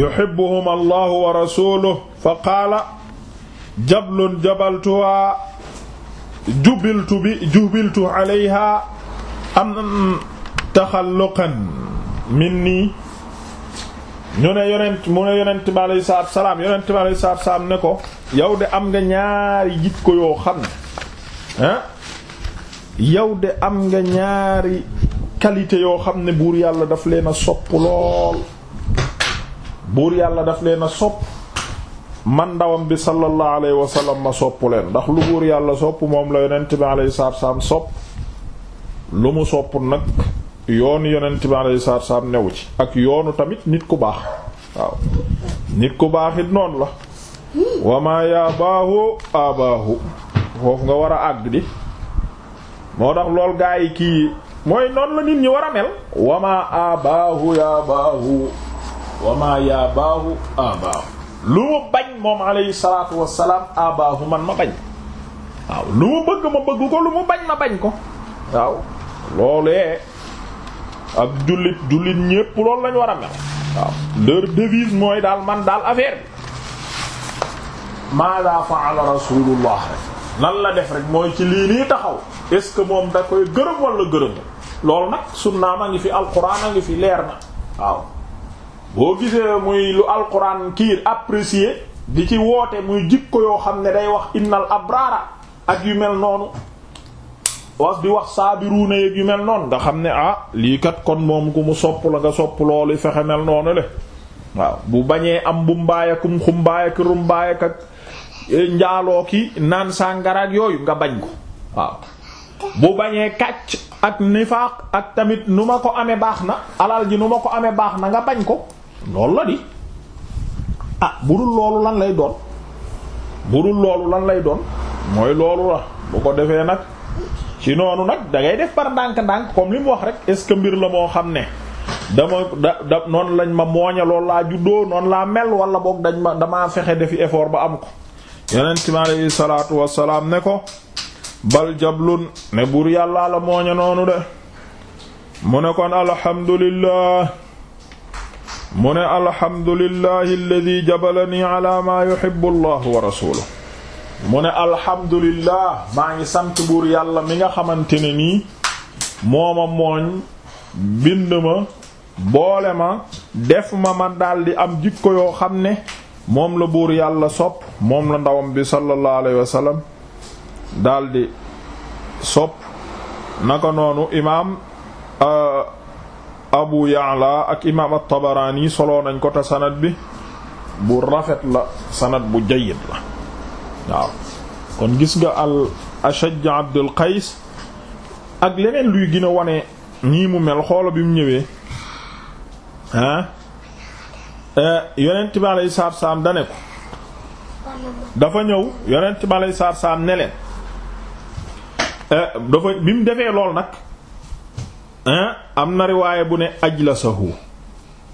yuhibbuhuma allah wa rasuluhu fa qaala jablun jabaltuha jubiltu bi jubiltu alayha am taxalluqan minni ñu ne yonent mu ne alayhi salaam ne ko yow de am nga ñaari jikko yoo yow de am nga ñaari qualité yoo xam ne buur yàlla daf leen a sopp lool buur yàlla daf leen a sopp man ndawam bi sallallahu alayhi wa sallam ma sopp leen ndax lu buur yàlla sopp moom la yonent bi alayhi salaatu salaam sopp lu mu sopp nag yoon yonent bi alayhi salaatu salaam newu ci ak yoonu tamit nit ku baax waaw nit ku baax it noonu la wamaa yaa baahu abaahu foofu nga war a àgg di moo tax lool gaa kii mooy noonu la nit ñi war a mel wama abaahu ya baahu wama ya baahu abaahu lu mu bañ moom alayhi salaatu wassalaam abaahu man ma bañ waaw lu mu bëgg ma bëgg ko lu mu bañ ma bañ ko waaw loolee ak jullit jullit ñépp loolu lañ war a mel waaw leur devise mooy daal man daal affaire bi maada faala rasulullah rek lan la def rek mooy ci lii nii taxaw est-ce que moom da koy gërëm wala gërëm loolu nag sunnaam a ngi fi alquran a ngi fi leer na waaw boo gisee muy lu alquran kii apprécier di ci woote muy jikko yoo xam ne day wax innal abrara ak yu mel noonu was di wax saabiruuna yeeg yu mel noonu nga xam ne ah lii kat kon moom ku mu sopp la nga sopp loolu fexe mel noonu le waaw bu bañee am bu mbaayakum xumbaayak rumbaayakak njaaloo ki naan sàngaraak yooyu nga bañ ko waaw bu bañee kàcc ak nifaaq ak tamit nu ma ko amee baax na alal ji nu ma ko amee baax na nga bañ ko loolu la di ah bu dul loolu lan lay doon bu dul loolu lan lay doon mooy loolu la bu ko defee nag ci noonu nag da ngay def par ndànk-ndànk comme li wax rek est-ce que mbir la moo xam ne dama da da noonu lañ ma mooñe loolu laa juddoo noonu laa mel walla boog dañ ma damaa fexe defi effort ba am ko yonent mi aleyhi salaatu wasalaam ne ko bal jablun ne buur yàllaa la mooñe noonu de mu ne kon alhamdulillah mu ne alhamdulillahi alladi jabalani ala maa yuhibbu allahu wa rasuluhu mu ne alhamdulillah maa ngi sant buur yàlla mi nga xamante ne nii mooma mooñ bind ma boole ma def ma man daldi am jikko yoo xam ne moom la buur yàlla sopp moom la ndawam bi sallallahu alayhi wa sallam daldi sopp naka noonu imaam euh, abu ya'la ak imaam at-tabarani soloo nañ ko te sanad bi buur rafet la sanad bu jayyid la waaw kon gis nga al ashaj abdul qays ak leneen luy gina a wane nii mu mel xoola bi mu ñëwee ah Eh, yonent bi alayhi salaatu salaam dane ko dafa ñëw yonent bi alayhi salaatu salaam ne leen eh, dafa bi mu defee lool nag eh, am na riwaaye bu ne ajlasahu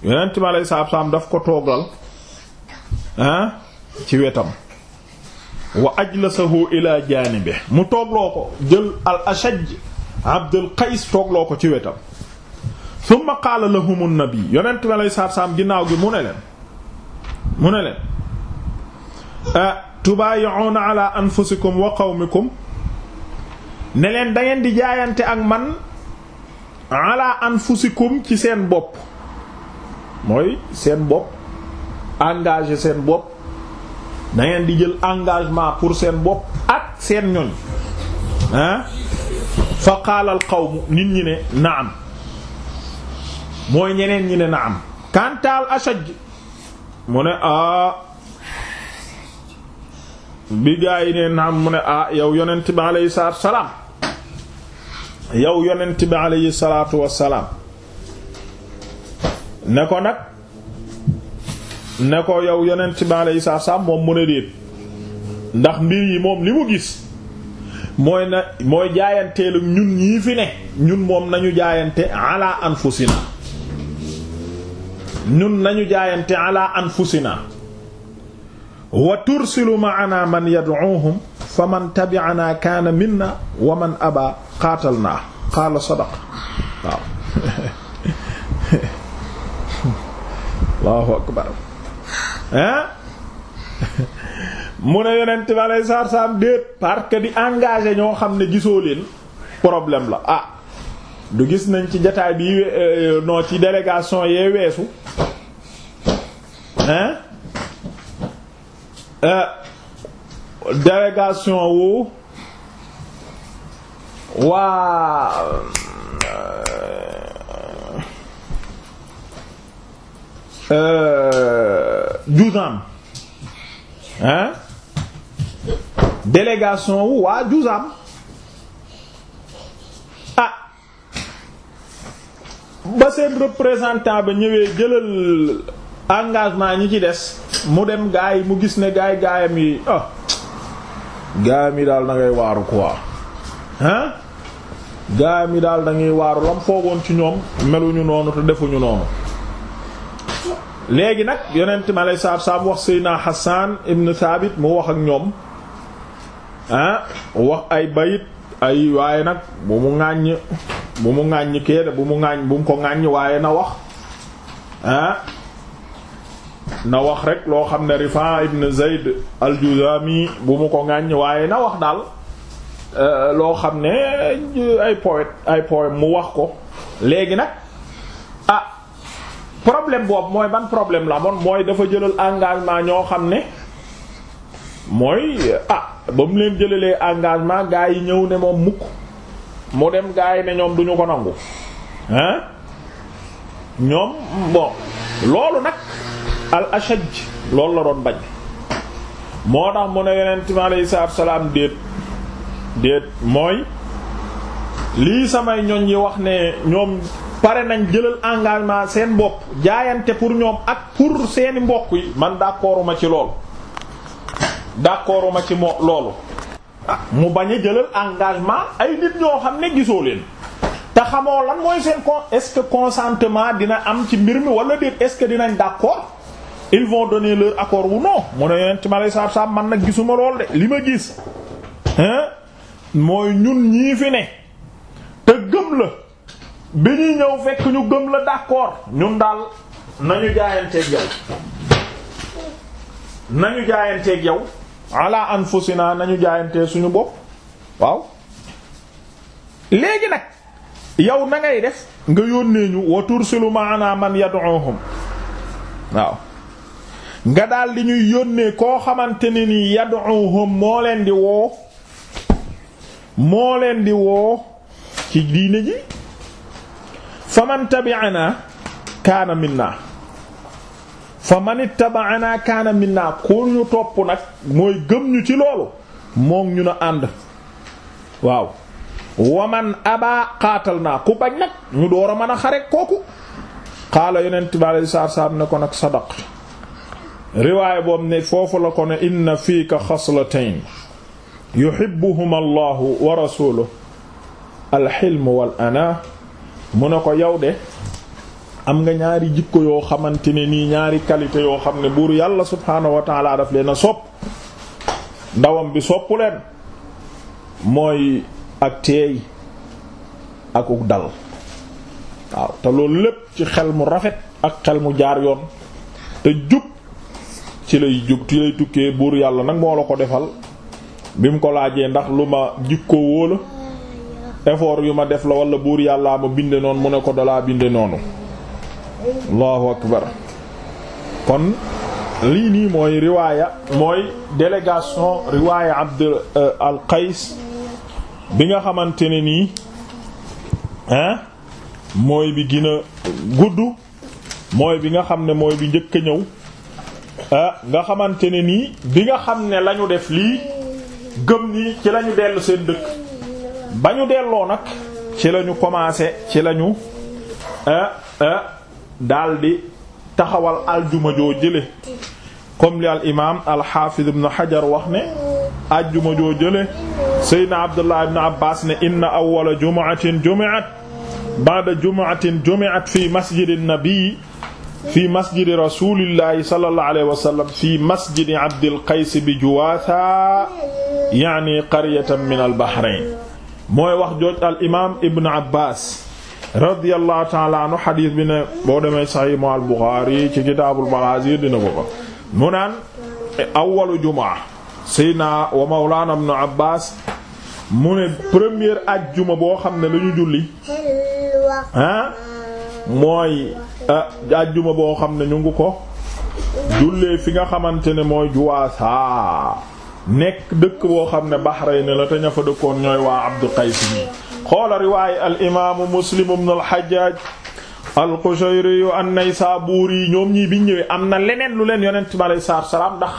yonent bi alayhi salaatu salaam daf ko toogal ci wetam wa ajlasahu ila bi mu toogloo ko jël al ashaj abdul qais toogloo ko ci wetam summa qaala lahum an-nabi yonent bi alayhi salaatu salaam ginnaaw gi mu ne leen mu ne leen tubaayi'uuna ala anfusikum wa qawmikum ne leen da di jaayante ak man ala anfusikum ci seen bopp mooy seen bopp engagé seen bopp dangeen di jël engagement pour seen bopp ak seen ñoñ ah fa qaala al qawmu nit ñi ne naam mooy ñeneen ñi ne na am kantaal ashaj mu ne a ah. bi gaa ne na am mu ne a ah, yow yonent bi alayhi salaatu salaam yow yonent bi alayhi salaatu wassalaam ne ko nag ne ko yow yonent bi alayhi salaatu salaam moom mu ne déet ndax mbir yi moom li mu gis mooy na mooy jaayanteelu ñun ñii fi ne ñun moom nañu jaayante ala anfusina ñun nañu jaayante ala anfusina wa tursilu ma'ana man yad'uuhum fa man tabi'ana kaana minna wa man aba qaatalnaa qaala sadaqa waaw *laughs* allahu akbar hein *laughs* mu ne yonent ma lay saar saam déet ñoo xam ne gisoo leen la ah. d gis nañ ci jataay bi euh, non ci délégation yee weesu hein euh, délégation wu waa euh, Juzam hein délégation wu waa Juzam ba seen représentant ba ñëwee jëlal engagement ñi ci des mu dem gaay mu gis ne gaay gaayam yi ah gaayam yi daal na waaru quoi hein gaayam yi daal da ngay waaru lam foogoon ci ñoom meluñu noonu te defuñu noonu léegi nag yonent mi aleyhi salaatu salaam wax naa Hassan ibn Thabit mu wax ak ñoom ah wax ay bayit ay waaye nag bu mu ŋàññ bu mu ŋàññ bu mu ŋàññ bu ko ŋàññ waaye na wax ah na wax rek loo xam ne Rifa ibn Zayd al-Juzami bu mu ko ŋàññ waaye na wax daal euh, loo xam ne ay poète ay poème mu wax ko léegi nag a ah, problème boobu mooy ban problème la moon mooy dafa jëlal engagement ñoo xam ne mooy ah ba mu leen jëlalee engagement gaa yi ñëw ne moom mukk mu dem gaay ne ñoom duñu ko nangu hein ñoom bon loolu nag al ashaj loolu la doon bañ moo tax mu ne yonent mi alayhi déet déet mooy lii samay ñoñ yi wax ne ñoom pare nañ jëlal engagement seen bopp jaayante pour ñoom ak pour seeni mbokk yi man d'accorduma ci lool d'accorduma ci moo loolu ah mu bañ a jëlal engagement ay nit ñoo xam ne gisoo leen te xamoo lan mooy seen con est-ce consentement dina am ci mbir mi wala déet est-ce que dinañ d'accord ils vont donner leur accord ou non mu ne ci ma lay saab saab man nag gisuma lool de li ma gis hein mooy ñun ñii fi ne te gëm la bi ñuy ñëw fekk ñu gëm la d'accord ñun daal nañu jaayanteeg yow nañu jaayanteeg yow ala anfusina nañu jaayantee suñu bopp waaw léegi nag yow na ngay def nga yónnee ñu wa tursilu maana man yad'uhum waaw nga daal di ñuy yónnee koo xamante ne ni yad'uhum moo leen di woo moo leen di woo ci diine ji faman tabi'ana kaana minna fa man ittaba'ana kaana minna ku ñu topp nag mooy gëm ñu ci loolu moom ñu na ànd waaw waman abaa xaatal naa ku bañ nag ñu door a mën a xare kooku xaala yonent bi alayhi salaam ne ko nag sadaq riwaay boobu ne foofu la ko ne inna fiika xaslatayn yuhibbuhuma allahu wa rasuluhu alxilmu wal ana mu ne ko yow de am nga ñaari jikko yoo xamante ne nii ñaari qualité yoo xam ne buur yàlla subhaanahu wa taala daf leen a sopp ndawam bi sopp leen mooy ak teey akuk dal waaw te loolu lépp ci xel mu rafet ak xel mu jaar yoon te jub ci lay jub ci lay tukkee buur yàlla nag moo la ko defal bi mu ko laajee ndax lu ma jikkoo wóola effort yu ma def la wala buur yàllaa ma binde noonu mu ne ko dalaa binde noonu allahu akbar kon lii nii mooy riwaaya mooy délégation riwaaya abd euh, al qays bi nga xamante ne nii mooy bi gën gudd mooy bi nga xam ne mooy bi njëkk ñëw euh, nga xamante ne nii bi nga xam ne lañu def lii gëm nii ci lañu dellu seen dëkk ba ñu delloo nag ci lañu commencé ci lañu ah ah daldi taxawal aljuma joo jële comme li al imaam al xaafiz ibn Hajar wax ne aljuma joo jële Seydina Abdullah ibn Abbas ne inna awwala jumu'atin jumi'at ba'da jumu'atin jumi'at fi masjidi nabi fi masjidi rasulillahi sallallahu alayhi wa fi masjidi Abdil Qays bi Juwaatha yaani qaryatan min al mooy wax jooj al imaam ibn Abbas radiyallahu taala anhu xadiis bi ne boo demee saxiix mu al Buxaari ci kitaabul Maghaazi dina ko fa mu naan awwalu jumaa Seydina wa Mawlaana ibnu Abbaas mu ne première ajjuma boo xam ne la ñu julli ah mooy ah, ajjuma boo xam ne ñu ngi ko jullee fi nga xamante ne mooy Juwaasa nekk dëkk boo xam ne Bahrayn la te ña fa dëkkoon ñooy waa Abdul Qays mi xoola riwaaya al imaamu muslim ibn al hajjaaj al qushayri yu an naysaburi ñoom ñii biñ ñëwee am na leneen lu leen yonent bi alayhi salaatu salaam ndax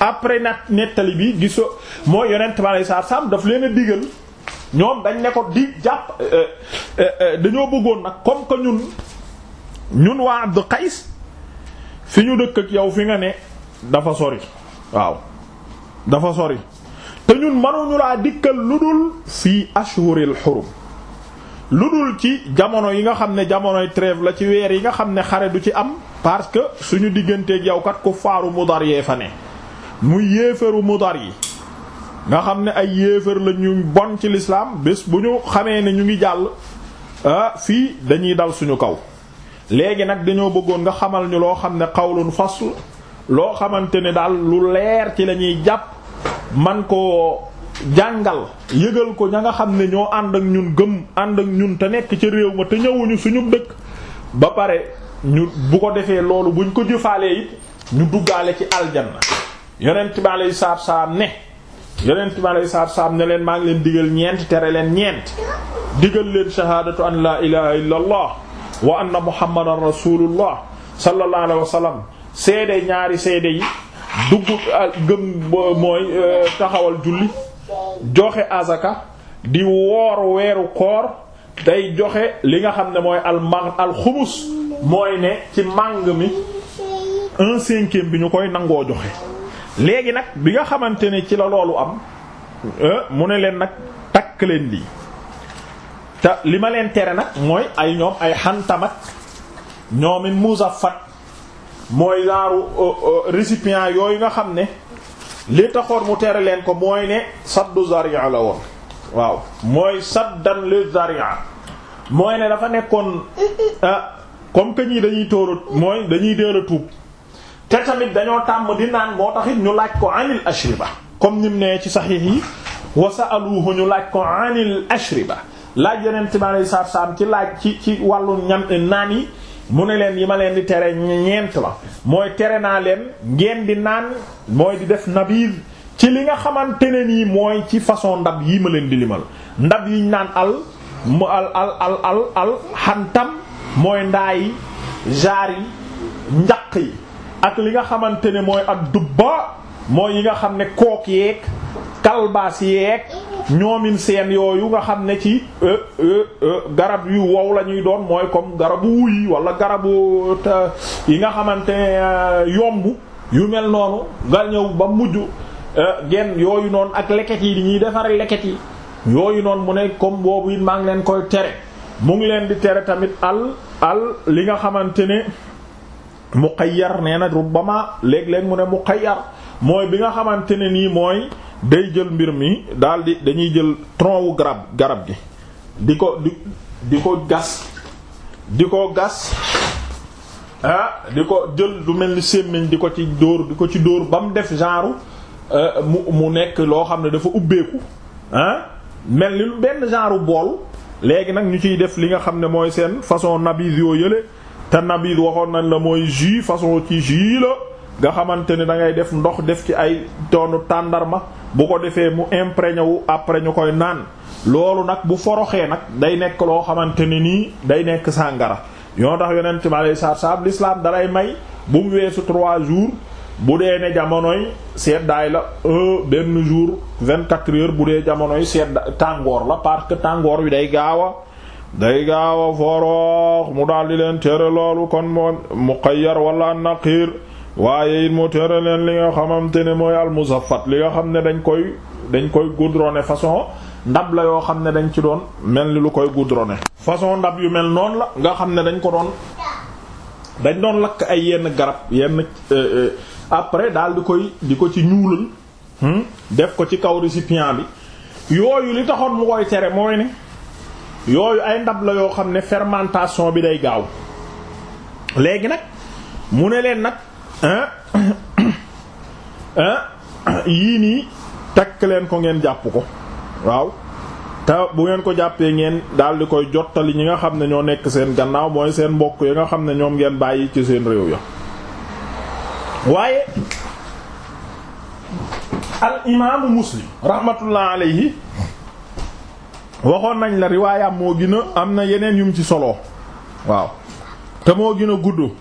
après nag nettali bi gisoo mooy yonent bi alayhi salaam daf leen a digal ñoom dañ ne ko di jàpp euh, euh, euh, dañoo bëggoon nag comme que ñun ñun waa Abdu Qays fi ñu dëkk ak yow fi nga ne dafa sori waaw dafa sori te ñun mënuñu laa dikkal lu dul fii ashhuril xurum lu dul ci jamono yi nga xam ne jamonoy trêve la ci weer yi nga xam ne xare du ci am parce que suñu digganteeg yow kat ku faaru Mudar yee fa ne muy yéefaru Mudar yi nga xam ne ay yéefar la ñu bon ci lislaam bés bu ñu xamee ne ñu ngi jàll ah fii dañuy dal suñu kaw léegi nag dañoo bëggoon nga xamal ñu loo xam ne qawlun fasl loo xamante ne daal lu leer ci lañuy jàpp man koo jàngal yëgal ko ña nga xam ne ñoo ànd ak ñun gëm ànd ak ñun te nekk ci réew ma te ñëwuñu suñu dëkk ba pare ñu bu ko defee loolu buñ ko jëfaalee it ñu duggaale ci aljanna yonent bi yi salaatu salaam ne yonent bi yi salaatu salaam ne leen maa ngi leen digal ñeenti tere leen ñeent digal leen shahaadatu an laa ilaha illa allah wa anna muhammadan rasulullah sallallahu alayhi wa sallam seede ñaari seede yi dugg ah, gëm mooy euh, taxawal julli joxe azaka di woor weeru koor day joxe li nga xam ne mooy alma alxumus mooy ne ci màng mi un bi ñu koy nangoo joxe léegi nag bi nga xamante ne ci la loolu am euh, mu ne leen nag takk leen lii te li ma leen tere nag mooy ay ñoom ay xantamak ñoomin musafat mooy genre euh, euh, récipient yooyu nga xam ne li taxoon mu tere leen ko mooy ne saddu zaria la woon waaw mooy saddan li zaria mooy ne dafa nekkoon euh, comme que ñii dañuy tóora mooy dañuy deel a tuub te tamit dañoo tàmm di naan boo taxit ñu laaj ko anil ashriba comme nim nee ci saxiix yi wa sa'aluhu ñu laaj ko anil ba laaj yeneen ci ma lay ci laaj ci ci wàllu ñam naan yi mu ne leen yi ma leen di tere ñeent la mooy tere naa leen ngeen di naan mooy di def nabiz ci li nga xamante ne nii mooy ci façon ndab yi ma leen di limal ndab yiñ naan al mu al al al al xantam mooy ndaa yi jaar yi njaq yi ak li nga xamante ne mooy ak dubba mooy yi nga xam ne kook yeeg kalbaas yeek ñoomin seen yooyu nga xam ne ci euh, euh, euh, garab yu wow la ñuy doon mooy comme garabu wuy wala garabu yi nga xamante yomb yu mel noonu nga ñëw ba mujj genn yooyu noonu ak leket yi di ñuy defar leket yi yooyu noonu mu ne comme boobu it maa ngi leen koy tere mu ngi leen di tere tamit al al li nga xamante ne muqayyar nee na rubbama léeg-léeg mu ne muqayyar mooy bi nga xamante ne nii mooy day jël mbir mi di dañuy jël tronc wu garab garab gi di ko di di ko gas di ko gas ah di ko jël du mel ni sémmiñ di ko ci dóor di ko ci dóor ba mu def genre euh, mu mu nekk loo xam ne dafa ubbeeku ah mel ni benn genre bool léegi nag ñu ciy def li nga xam ne mooy seen façon nabis yoo yële te nabis waxoon nañ la mooy jus façon ci jus la nga xamante ne dangay def ndox def ci ay toonu tàndarma bu ko defee mu imprégné wu après ñu koy naan loolu nag bu foroxee nag day nekk loo xamante ni nii day nekk sàngara yoo tax yonent mi alayhi salaatu salaam l'islam dalay may bu mu weesu trois jours bu dee ne jamonoy seddaay la benn jours vingt-quatre heures bu dee jamonoy sedda tàngoor la parce que tàngoor wi day gaaw a day gaaw a foroox mu dal di leen tere loolu kon moo muqayyar wala naqiir waaye it mu tere leen li nga xamante ne mooy almuzaffat li nga xam ne dañ koy dañ koy goudronné façon ndab la yoo xam ne dañ ci doon mel ni lu koy goudronné façon ndab yu mel noonu la nga xam ne dañ ko doon dañ doon lakk ay yenn garab yenn euh, euh, après daal di koy di ko ci ñuulal hmm, def ko ci kaw récipient bi yooyu li taxoon mu koy tere mooy ne yooyu ay ndab la yoo xam ne fermentation bi day gaaw léegi nag mu ne leen nag *coughs* yii nii takk leen ko ngeen jàpp ko waaw te bu ngeen ko jàppee ngeen daal di koy jottali ñi nga xam ne ñoo nekk seen gannaaw mooy seen mbokk yi nga xam ne ñoom ngeen bàyyi ci seen réew ya waaye al imaamu muslim rahmatullah alayhi waxoon nañ la riwaayam moo gën am na yeneen yum ci solo waaw te moo gën a gudd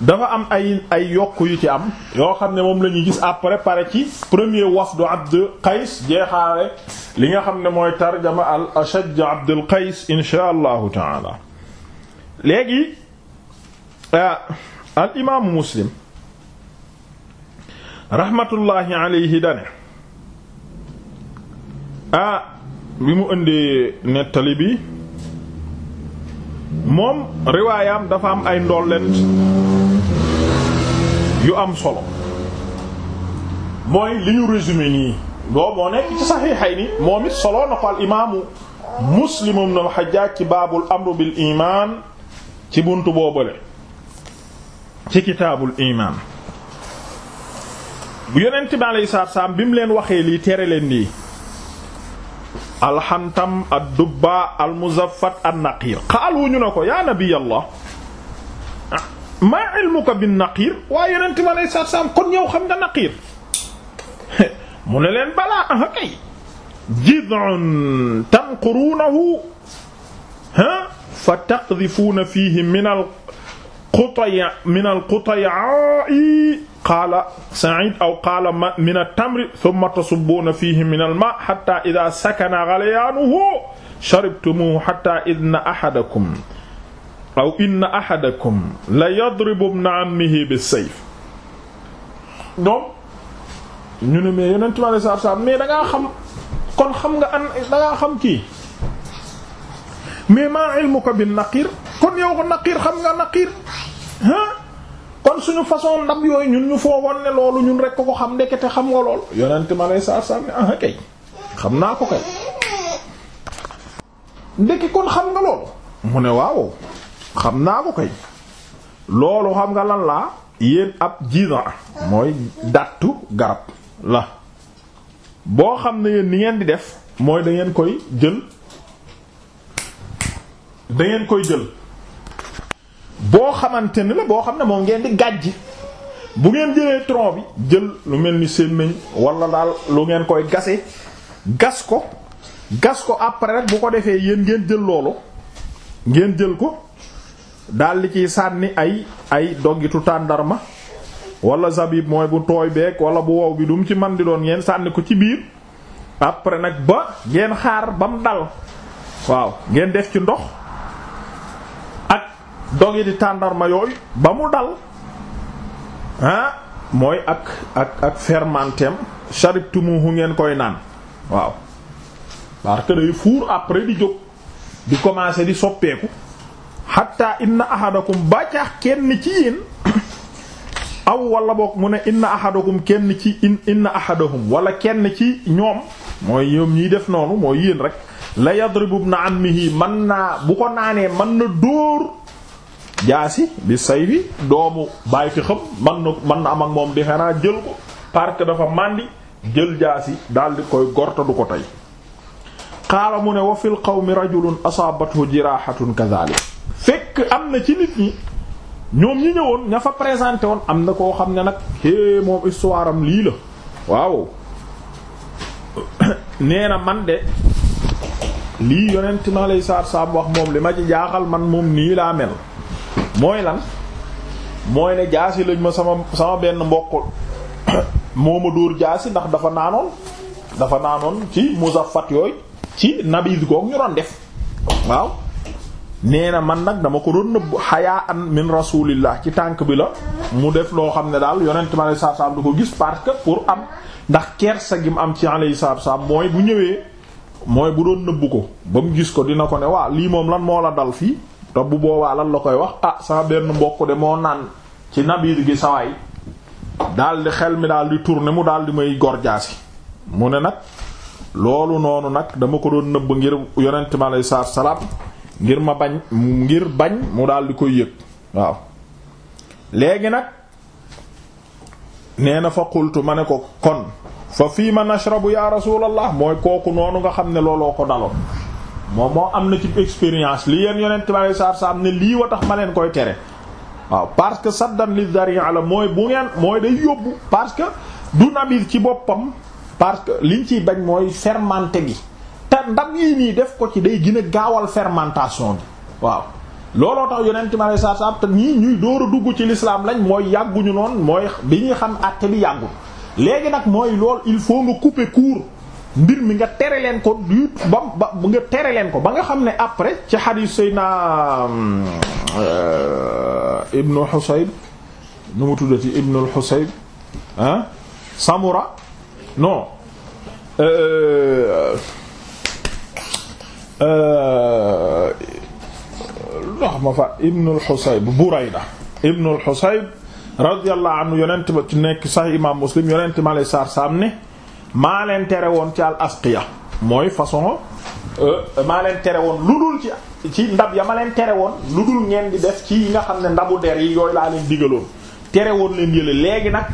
dafa am ay ay yokk yu ci am yoo xam ne moom la ñuy gis après pare ci premier wafdu Abd Qays jeexaare li nga xam ne mooy tarjama al Ashaj Abdul Qays insha allahu taala léegi euh, al imaamu Muslim rahmatullahi alayhi dane ah bi mu ëndee nettali bi moom riwaayam dafa am ay ndollent yu am solo mooy li ñu résumé nii loolu moo nekk ci saxiixay ni moom solo na al imaamu Muslim ibn al-Hajjaj ci baabul amru bil iman ci buntu boobale ci kitaabul iman bu yonent bi alayhi salaam bi leen waxee lii tere leen lii alxantam ad-dubba al-muzaffat an-naqir qaalu ñu ne ko nabiyallah maa ilmuka bin naqiir waaye yonent ma lay saat saam kon yow xam nga naqiir *laughs* mu ne leen balaa aha kay jid'un tanquruunahu ha fa taqdifuuna fiihi min al qutay min al qutayaa'i qaala Sa'iid aw qaala min at-tamri thumma tasubbuuna fiihi min al-maa'i hattaa idhaa sakana ghalyaanuhu sharibtumuuhu hattaa inna ahadakum aw inna ahadakum la yadribu ibna ammihi bisayf ñoom ñu ne mais yonentu Yàlla sallallahu alayhi wasallam mais da xam kon xam nga an da xam kii mais maa ilmuka bin naqiir kon yow ko naqiir xam nga naqiir ah kon suñu façon ndab yooyu ñun ñu foogoon ne loolu ñun rekk ko xam ndekete xam nga lool yonentu Yàlla sallallahu alayhi wasallam ne ah kay xam naa ko kay ndekki kon xam nga loolu mu ne waaw xam naa ko kay loolu xam nga lan laa yéen ab jidan mooy dattu garab la boo xam ne yéen ni ngeen di def mooy da ngeen koy jël dangeen koy jël boo xamante ni la boo xam ne moo ngeen di gàjj bu ngeen jëlee tron bi jël lu mel ni seen sémmiñ walla daal lu ngeen koy gase gas ko gas ko après rek bu ko defee yéen ngeen jël loolu ngeen jël ko daal di ciy sànni ay ay doggitu tàndarma wala zabib mooy bu tooy beeg wala bu wow bi du mu ci man di doon ngeen sànni ko ci biir après nag ba ngeen xaar ba mu dal waaw ngeen def ci ndox ak doggiti tàndarma yooyu ba mu dal ah mooy ak ak ak fermentem sharibtumuhu ngeen koy naan waaw parce que fuur après di jóg di commencer di soppeeku xatta inna ahadakum ba kenn ci yéen aw wala boog mu ne inna ahadakum kenn ci inna ahadahum wala kenn ci ñoom mooy ñoom ñiy def noonu mooy yéen rek la yadribu ibn ammihi man naa bu ko naanee man na dóor jaasi bi say bi doomu bàyyi fi xam man na man moom defe naa jël ko park que dafa màndi jël jaasi daal di koy gorta du ko tey qaala mu ne wa fil qawmi rajulun asaabathu jirahatun kadhalik fekk am na ci nit ñi ñoom ñi ñëwoon ña fa présenté woon am na koo xam ne nag hé moom histoire lii la waaw *coughs* nee na man de lii yonent ma lay saar saam wax moom li ma ci jaaxal man moom nii laa mel mooy lan mooy ne jaasi lañ ma sama sama benn mbokk *coughs* moo ma dóor jaasi ndax dafa naanoon dafa naanoon ci musaffat yooyu ci nabiz goog ñu doon def waaw nee na man nag dama ko doon nëbb xayaa an min rasulillah ci tànk bi la mu def loo xam ne daal yonent mi alayhi salaatu salaam du ko gis parce pour am ndax kersa gi mu am ci alayhi salaatu salaam mooy bu ñëwee mooy bu doon nëbb ko ba mu gis ko dina ko ne waa lii moom lan moo la dal fii te bu boobaa lan la koy wax ah sama benn mbokk de moo naan ci nabiir gi sawaay daal di xel mi daal di tourner mu daal di may gorjaasi mu ne nag loolu noonu nag dama ko doon nëbb ngir yonent mi alayhi salaatu salaam ngir ma bañ ngir bañ mu daal di koy yëg waaw léegi nag nee na fa qultu ma ne ko kon fa fii ma nashrabu ya rasulallah mooy kooku noonu nga xam ne looloo ko daloon moom moo am na ci expérience li yéen yonent bale sar saam ne lii wa tax ma leen koy tere waaw parce que saddan li daria mooy bu ngeen mooy day yóbbu parce que du nabil ci boppam parce que liñ ciy bañ mooy fermenté gi te ndab yi nii def ko ci day gën a gaawal fermentation bi waaw looloo tax yonent ma lay saa saa te ñii ñuy door a dugg ci lislaam lañ mooy yàgguñu noonu mooy bi ñuy xam àtte bi yàggul léegi nag mooy lool il faut nga couper court mbir mi nga tere leen ko du ba nga tere leen ko ba nga xam ne après ci hadith sayna euh, ibnu Husayb nu mu tuddati ibnu Husayb ah Samura non euh, ndox euh, ma fa Ibnul Xusayb Burayda Ibnul Xusayb radiyallahu anhu yonent ba ci nekk sax imaam Muslim yonent ma lay saar saam ne maa leen tere woon ci al asqiya mooy façon euh, maa leen tere woon lu dul ci ci ndab yama leen tere woon lu dul ngeen def ci yi nga xam ne ndabu der yi yooyu laa leen digaloon tere woon leen yële léegi nag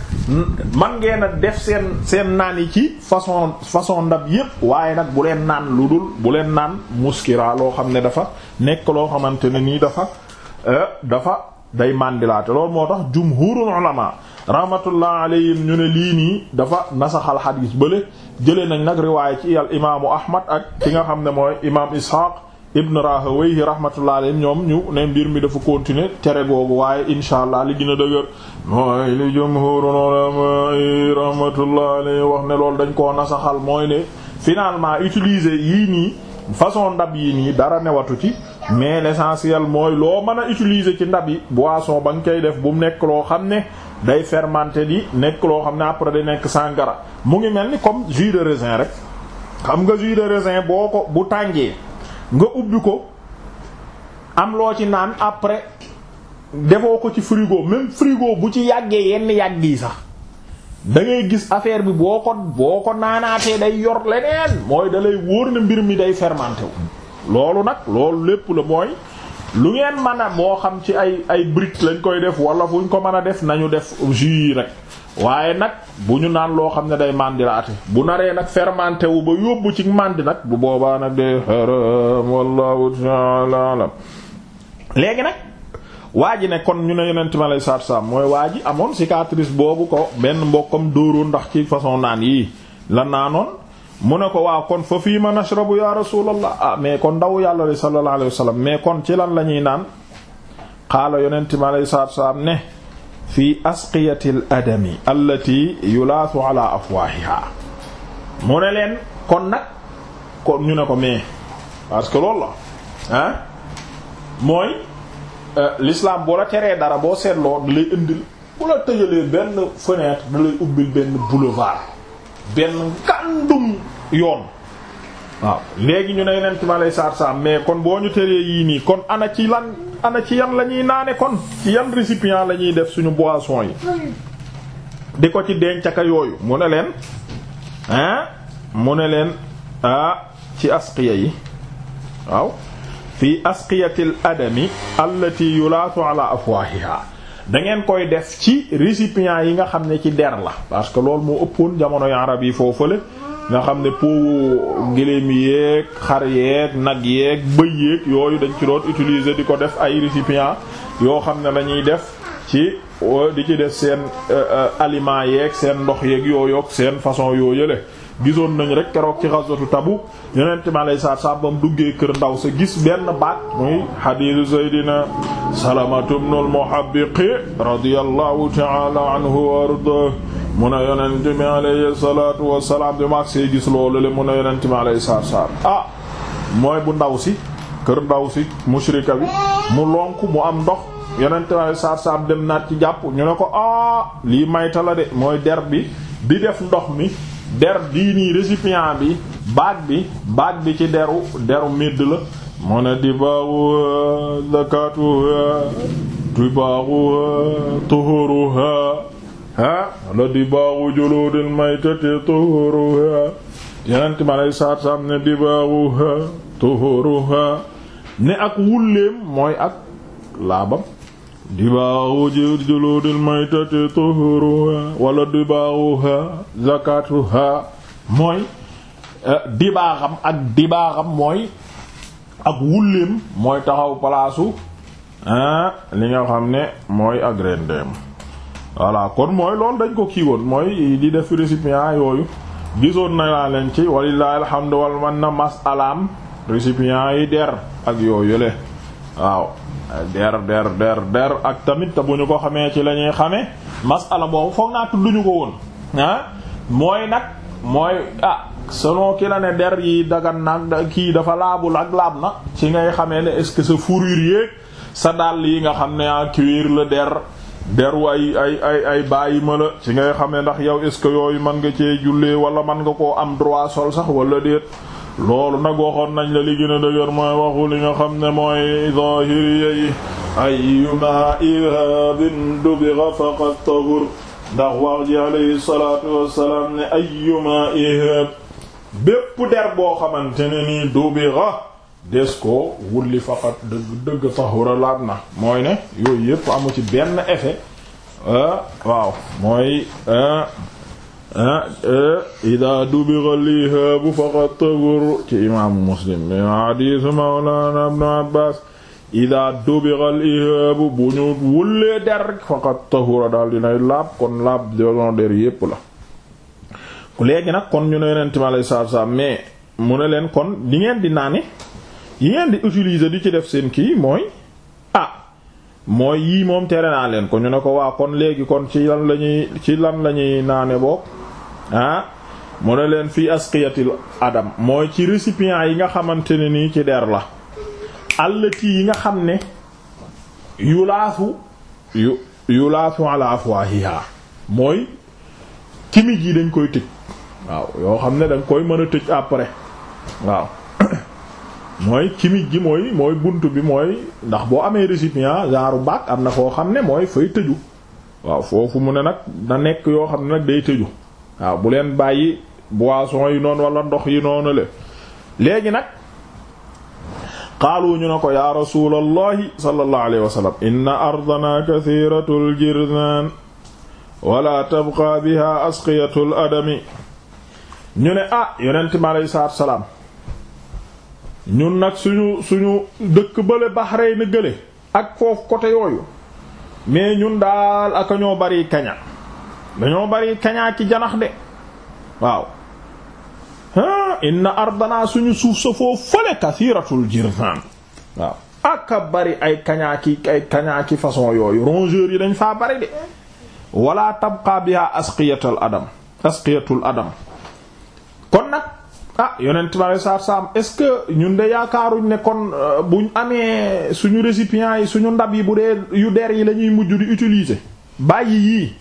man ngeen a def seen seen naan yi ci façon façon ndab yëpp waaye nag bu leen naan lu dul bu leen naan muskira loo xam ne dafa nekk loo xamante ne nii dafa euh, dafa day màndilaate loolu moo tax jumhurul ulama rahmatullah alayhim ñu ne lii nii dafa nasaxal xadiis bële jëlee nañ nag riwaaya ci al imaamu ahmad ak ki nga xam ne mooy imaam ishaq ibn rahawayhi rahmatullah alayhi ñoom ñu ne mbir mi dafa continuer tere googu waaye insha allah li gën a dëgër mooy li jumhurul ulama rahmatullah alayhi wax ne loolu dañ koo nasaxal mooy ne finalement utiliser yii nii façon ndab yi nii dara newatu ci mais l'essentiel mooy loo mën a utiliser ci ndab yi boisson ba nga koy def bu mu nekk loo xam ne day fermenté di nekk loo xam ne après day nekk sangara mu ngi mel ni comme jus de raisin rek xam nga jus de boo ko bu tàngee nga ubbi ko am loo ci naan après defoo ko ci frigo même frigo bu ci yàggee yenn yàgg yi sax dangay gis affaire bi boo ko boo ko naanaatee day yor leneen mooy dalay wóor na mbir mi day fermenté wu. loolu nag loolu lépp la mooy lu ngeen mën a moo xam ci ay ay brique lañ koy def wala fu ko mën a def nañu def jus yi rek. waaye nag bu ñu naan loo xam ne day màndiraate bu naree nag fermenté wu ba yóbbu ci màndi nag bu boobaa nag day haram wallahu ta'ala alam léegi nag waa ji ne kon ñu ne yonent ma lay sarsam mooy waa ji amoon cicatrice boobu ko benn mbokkam dóoroon ndax ci façon naan yii la naanoon mu ne ko waaw kon fa fii ma nashrabu ya rasulallah ah mais kon ndaw yàlla li sallallahu alayhi wa sallam mais kon ci lan la ñuy naan xaala yonent ma lay sarsam ne fi asqiyati l yu allati yulaasu ala afwaahiha mu ne leen kon nag kon ñu ne ko mais parce que loolu la ah mooy euh, l'islam boo la teree dara boo seetloo da lay indil bu la tëjalee benn fenêtre da ubbil benn boulevard benn ngàndum yoon waaw léegi ñu ne yeneen ci ma mais kon boo ñu teree yii nii kon ana ci lan ana ci yan la ñuy naane kon ci yan récipient la ñuy def suñu boisson yi di ko ci dencaka yooyu mu ne leen ah mu ne leen ah ci asqiya yi waaw fii asqiyatil adami allati yulaatu ala afwahiha da ngeen koy def ci récipient yi nga xam ne ci der la parce que loolu moo ëppoon jamono yu arab yi foofale nga xam ne pou gëléem yeeg xar yeeg nag yeeg bëy yeeg yooyu dañ ci doon utiliser di ko def ay récipients yoo xam ne la def ci euh, di ci def seen euh, euh, aliment yeeg seen ndox yeeg yooyok seen façon yoo yële gisoon nañu rek keroog ci ghazwatu Tabuk yonent ma lay saa saa ba duggee kër ndaw sa gis benn baat muy hadiisu Seydina Salamatu ibnul Muhabbiqi radiyallahu ta'ala anhu wa arda mu a yonent bi alayhi salaatu wassalaam bi ma agsee gis loolu le mu ne yonent bi alayhi salaatu wassalaam ah mooy bu ndaw si kër ndaw si mushrika bi mu lonk mu am ndox yonent bi alayhi salaatu wassalaam dem naat ci jàpp ñu ne ko ah lii mayta la de mooy der bi bi def ndox mi der dii nii bi baag bi baag bi ci deru deru médd la mu ne di baaru zakatu tibaaru tuhuruha ah la dibaaxu juluudil maytati tuhuruha yenent ma saat saam ne dibaaxuha tuhuruha ne ak wulleem mooy ak laabam dibaaxu juluudil maytati tuhuruha wala dibaaxuha zakatuha mooy eh, dibaaxam ak dibaaxam mooy ak wulleem mooy taxaw palaasu ah li nga xam ne mooy ak rendeem voilà kon mooy loolu dañ ko kii woon mooy di def récipient yooyu gisoon na laa leen ci walillahi alhamdu wal man na mas alam récipient yi der ak yooyu le waaw der der der ak tamit te bu ñu ko xamee ci la ñuy xamee masala boobu foog naa tudd ko woon ah mooy nag mooy ah selon ki la ne der yi dagan nag kii dafa laabul ak laab na ci ngay xame ne est-ce que sa fourrure yéeg sa dàll yi nga xam ne en ah, cuir la der deru ay ay ay ay bàyyi ma la ci ngay xam ndax yow est ce que yooyu mën nga cee jullee wala mën nga koo am droit sol sax walla déet loolu nag waxoon nañ la li gën dëgër mooy waxu li nga xam ne mooy zahiriya yi ayyuma irhabin dubigha faqad tahur ndax wax ji alayhi salatu wassalaam ne ayyuma irhab bépp der boo xamante ne nii dubigha des ko wulli faqat dëgg dëgg tahura laab na mooy ne yooyu yëpp amu ci benn effet euh, waaw mooy euh, euh, ida dubira lihabu faqat tahur ci imaamu muslim mi hadiisu mawlana ibnu abbaas ida dubira lihabu bu ñu wullee der faqat tahura daal dinay laab kon laab doon der yépp la léegi nag kon ñu ne yonent mi alayhi salaatu mais mu ne leen kon li ngeen di naane yi ngeen di utilise di ci def seen kii mooy a ah, mooy yii moom tere naa leen ko ñu ne ko waa kon léegi kon ci lan lañuy ci lan la ñuy naane boog ah mu ne leen fii asqiyatil adam mooy ci récipient yi nga xamante ne nii ci der la allati yi nga xam ne yulaafu yu yulaafu ala afwahiha mooy kimij yi dañ koy tëj waaw yoo xam ne dañ koy mën a tëj après waaw mooy chimique gi mooy mooy bunt bi mooy ndax boo amee récipient genre bac am na foo xam ne mooy fay tëju waaw foofu mu ne nag na nekk yoo xam ne nag day tëju waaw bu leen bàyyi boisson yi noonu walla ndox yi noonu la léegi nag xaalu ñu ne ko ya rasulallahi sallallahu alayhi wa sallam inna ardana kathiratul jirdan wala tabqa biha asqiyatul adami ñu ne a ah, yonent mi alayhi salaatu salaam ñun nag suñu suñu dëkk bële na gële ak foofu côté yooyu mais ñun daal ak ñoo bari kaña dañoo bari kañaa ki janax de waaw ah inna ardanaa suñu suuf sa foofu fële kasiratul jirzan aka bari ay kañaa kañaa ki façon yooyu rongeurs yi dañ faa bari de wala tabqa biha asqiyatul adam asqiyatul adam ah yonent ma saar saam est-ce que ñun de yaakaaruñ ne kon buñ amee suñu récipients yi suñu ndab yi bu dee yu der yi lañuy mujj di utiliser bàyyi yii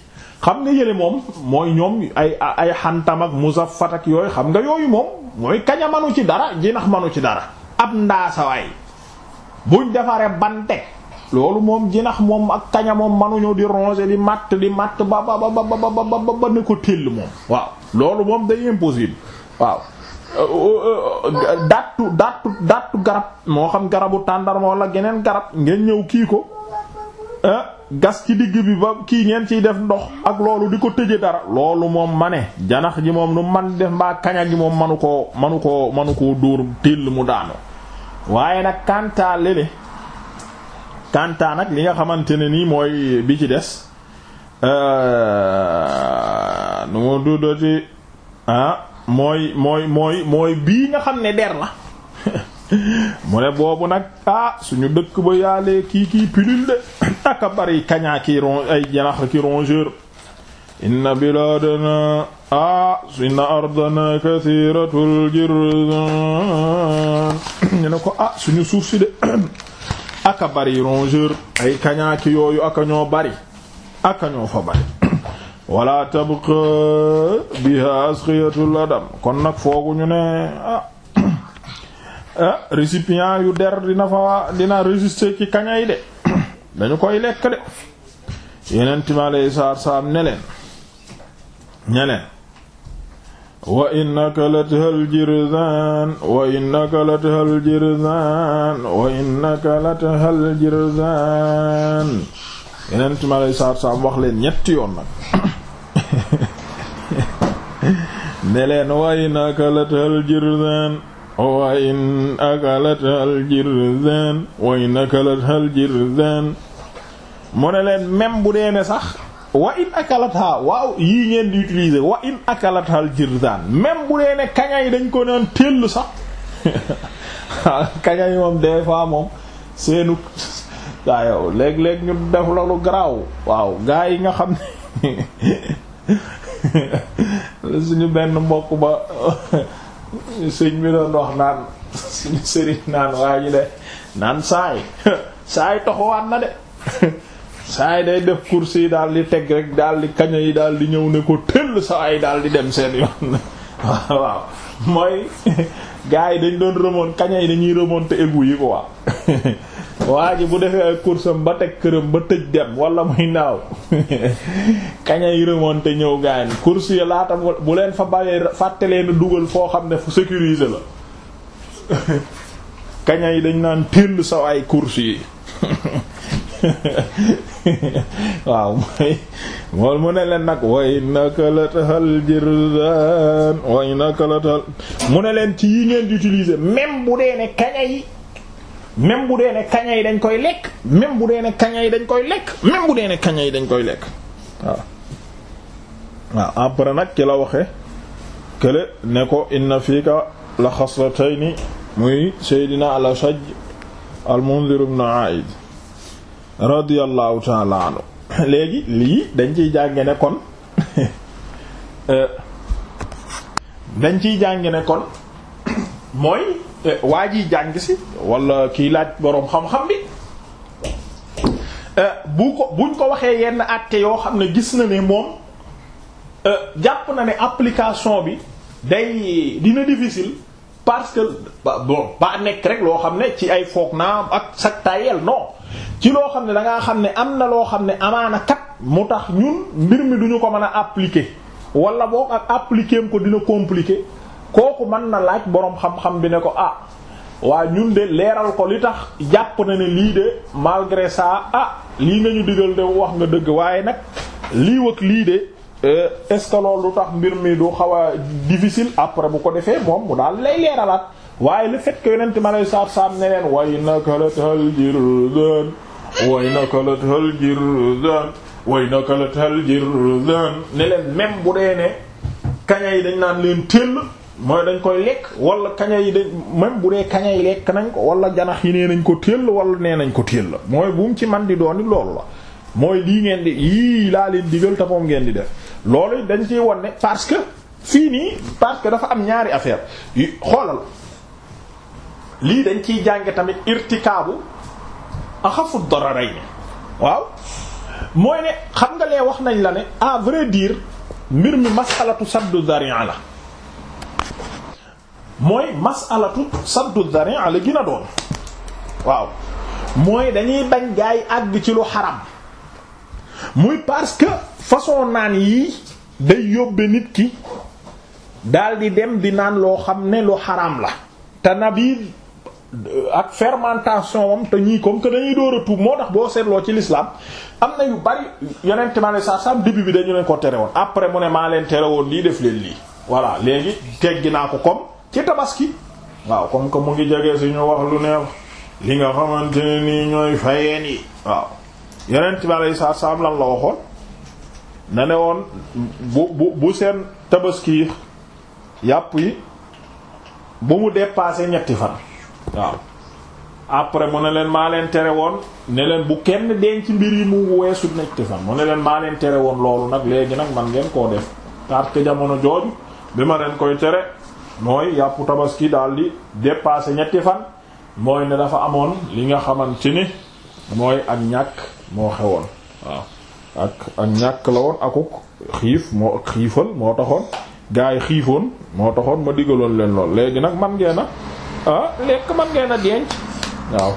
xam nga yële moom mooy ñoom ay ay xantam ak muzaffat ak yooyu xam nga yooyu moom mooy kaña manu ci dara jinax manu ci dara ab ndaasawaay buñ defaree bante loolu moom jinax moom ak kaña moom manuñoo di ronger di matt di matt ba ba ba ba ba ba ba ne ko téll moom waaw loolu moom day impossible waaw Euh, euh, dattu dattu garab moo xam garabu tàndarma wala geneen garab ngeen ñëw kii ko gas ci digg bi ba kii ngeen ciy def ndox ak loolu di ko tëje dara loolu moom ma ne janax ji moom nu man def mbaa kaña gi moom manu koo manu koo manu koo dóor téll mu daanu waaye nag kantaa lele kantaa nag li nga xamante ne nii mooy bi ci des euh, nu mu duddati ah mooy mooy mooy mooy bii nga xam ne der la *laughs* mu ne boobu nag ah suñu dëkk ba yaalee kii kii pilule de *coughs* aka bari kañaa ay janax ki rongeur inna biladana ah inna ardana kathiratul jirdan *coughs* ñu ne ko ah suñu suuf si de *coughs* aka bari rongeur ay kañaa yooyu aka ñoo bari aka ñoo fa bari wala tabqa biha asqiyatul adam kon nag fooguñu ne ah, *coughs* ah récipient yu der dina fa dina résister ci kañay de *coughs* dañu koy lekk de yeneen timalay saar saam ne leen ñeneen wa innaka latahal jirzan wa innaka latahal jirzan wa yeneen timalay saar saam wax leen ñetti yoon nag *laughs* ne leen wa in akalatal jirzan wa in akalatal jirzan wa mu ne leen même bu dee ne sax wa in akalata waaw yii ngeen di utiliser wa in akalatal jirzan même bu dee ne kaña yi dañ ko naan tell sax *laughs* kaña yi moom des fois seenu daa *laughs* yow ñu def la garaaw waaw gaa yi nga xam ne suñu benn mbokk ba sëñ bi doon wax naan suñu sëriñ naan waa ji de naan saay saay toxuwaat na de saay day def course yi daal teg rek daal di kaña yi daal di ñëw ne ko tëll saay daal di dem seen yoon waaw mooy gars yi dañ doon remonter kaña yi dañuy remonter égout yi quoi waa ji bu defee ay kursam ba teg këram ba tëj dem walla muy *laughs* kaña yi remonté ñëw gaañ course yi laata bu leen fa baree fàtte leen dugal foo xam ne fu sécurise la *laughs* kaña yi dañ naan tëll saw ay course yi *laughs* waaw mooy mool mu ne leen nag way nakalatal jërzan way nakalatal mu ne leen ci yi ngeen di utiliser même bu dee ne kaña yi même bu dee ne kaña yi dañ koy lekk même bu dee ne kaña yi dañ koy lekk même bu dee ne kaña yi dañ koy lekk waaw waaw nag ci la waxe kële ne ko inna fiika la xasratayni muy seydina al ashaj al mundir ibn aid radiyallahu ta'ala anhu *laughs* léegi lii dañ ciy jànge ne kon *laughs* euh, dañ ciy jànge ne kon *coughs* mooy waa ji jàng si wala kiy laaj boroom xam-xam bi eh, bu ko buñ ko waxee yenn àtte yoo xam ne gis na ne moom eh, jàpp na ne application bi day dina difficile parce que bon ba nekk rek loo xam ne ci ay foog naa ak sak no ci loo xam ne da xam ne am na loo xam ne amaana kat mu tax ñun mbir mi duñu ko mën a appliquer walla boog ak appliquer ko dina compliquer kooku man na laaj boroom xam-xam bi ne ko ah waa ñun de leeral ko li tax jàpp na ne lii de malgré ça ah lii nga ñu digal de wax nga dëgg waaye nag lii wëkk lii de euh, est-ce que tax mbir mi du xaw a difficile après bu ko defee moom mu daal lay leeralaat waaye le fekk que yonent ma lay saar saam ne leen way naka la tal way naka la tal way naka la tal ne leen même bu dee ne kaña yi dañ naan leen tëll mooy dañ koy lekk wala kaña yi dañ même bu dee kaña yi lekk nañ ko wala janax yi nee nañ ko téll wala nee nañ ko téll mooy bu ci man di dooni loolu la mooy lii ngeen di yii laa leen digal te moom ngeen di def loolu dañ ciy wone parce que fii nii parce que dafa am ñaari affaire xoolal lii dañ ciy jànge tamit irtikaabu axafu dararayn waaw mooy ne xam nga lee wax nañ la ne à vrai dire mbir mi masalatu saddu zari'a la mooy masalatu saddu dharin ala gën a doon waaw mooy dañuy bañ gaay àgg ci lu xaram muy parce que façon naan yii day yóbbe nit ki daal di dem di naan loo xam ne lu xaram la te nabi ak fermentation am te ñii comme que dañuy door a moo tax boo seetloo ci l'islam am na yu bari yonent ma ne saa sam début bi dañu leen ko tere woon après mu ne maa leen tere woon lii def leen lii voilà léegi teggi naa ko comme ci tabaski waaw comme que mu ngi jege suñu wax lu neex li nga xamante ne nii ñooy fayeen yi waaw yeneen ci yi saa saam lan la ne woon bu bu tabaski yàpp yi bu mu dépassé ñetti fan waaw après mu ne leen maa leen tere woon ne leen bu kenn denc mbir yi mu weesu ñetti fan mu ne leen maa leen tere woon loolu nag léegi nag man ngeen koo def parce que jamono jooju bi ma leen koy tere mooy yàppu tabaski daal di dépassé ñetti fan mooy ne dafa amoon li nga xaman ci ni mooy ak ñàkk moo xewoon waaw ak ak ñàkk la woon akuk xiif moo ak xiifal moo taxoon gaa yi xiifoon moo taxoon ma digaloon leen lool léegi nag man ngeen a ah, lekk man ngeen a denc waaw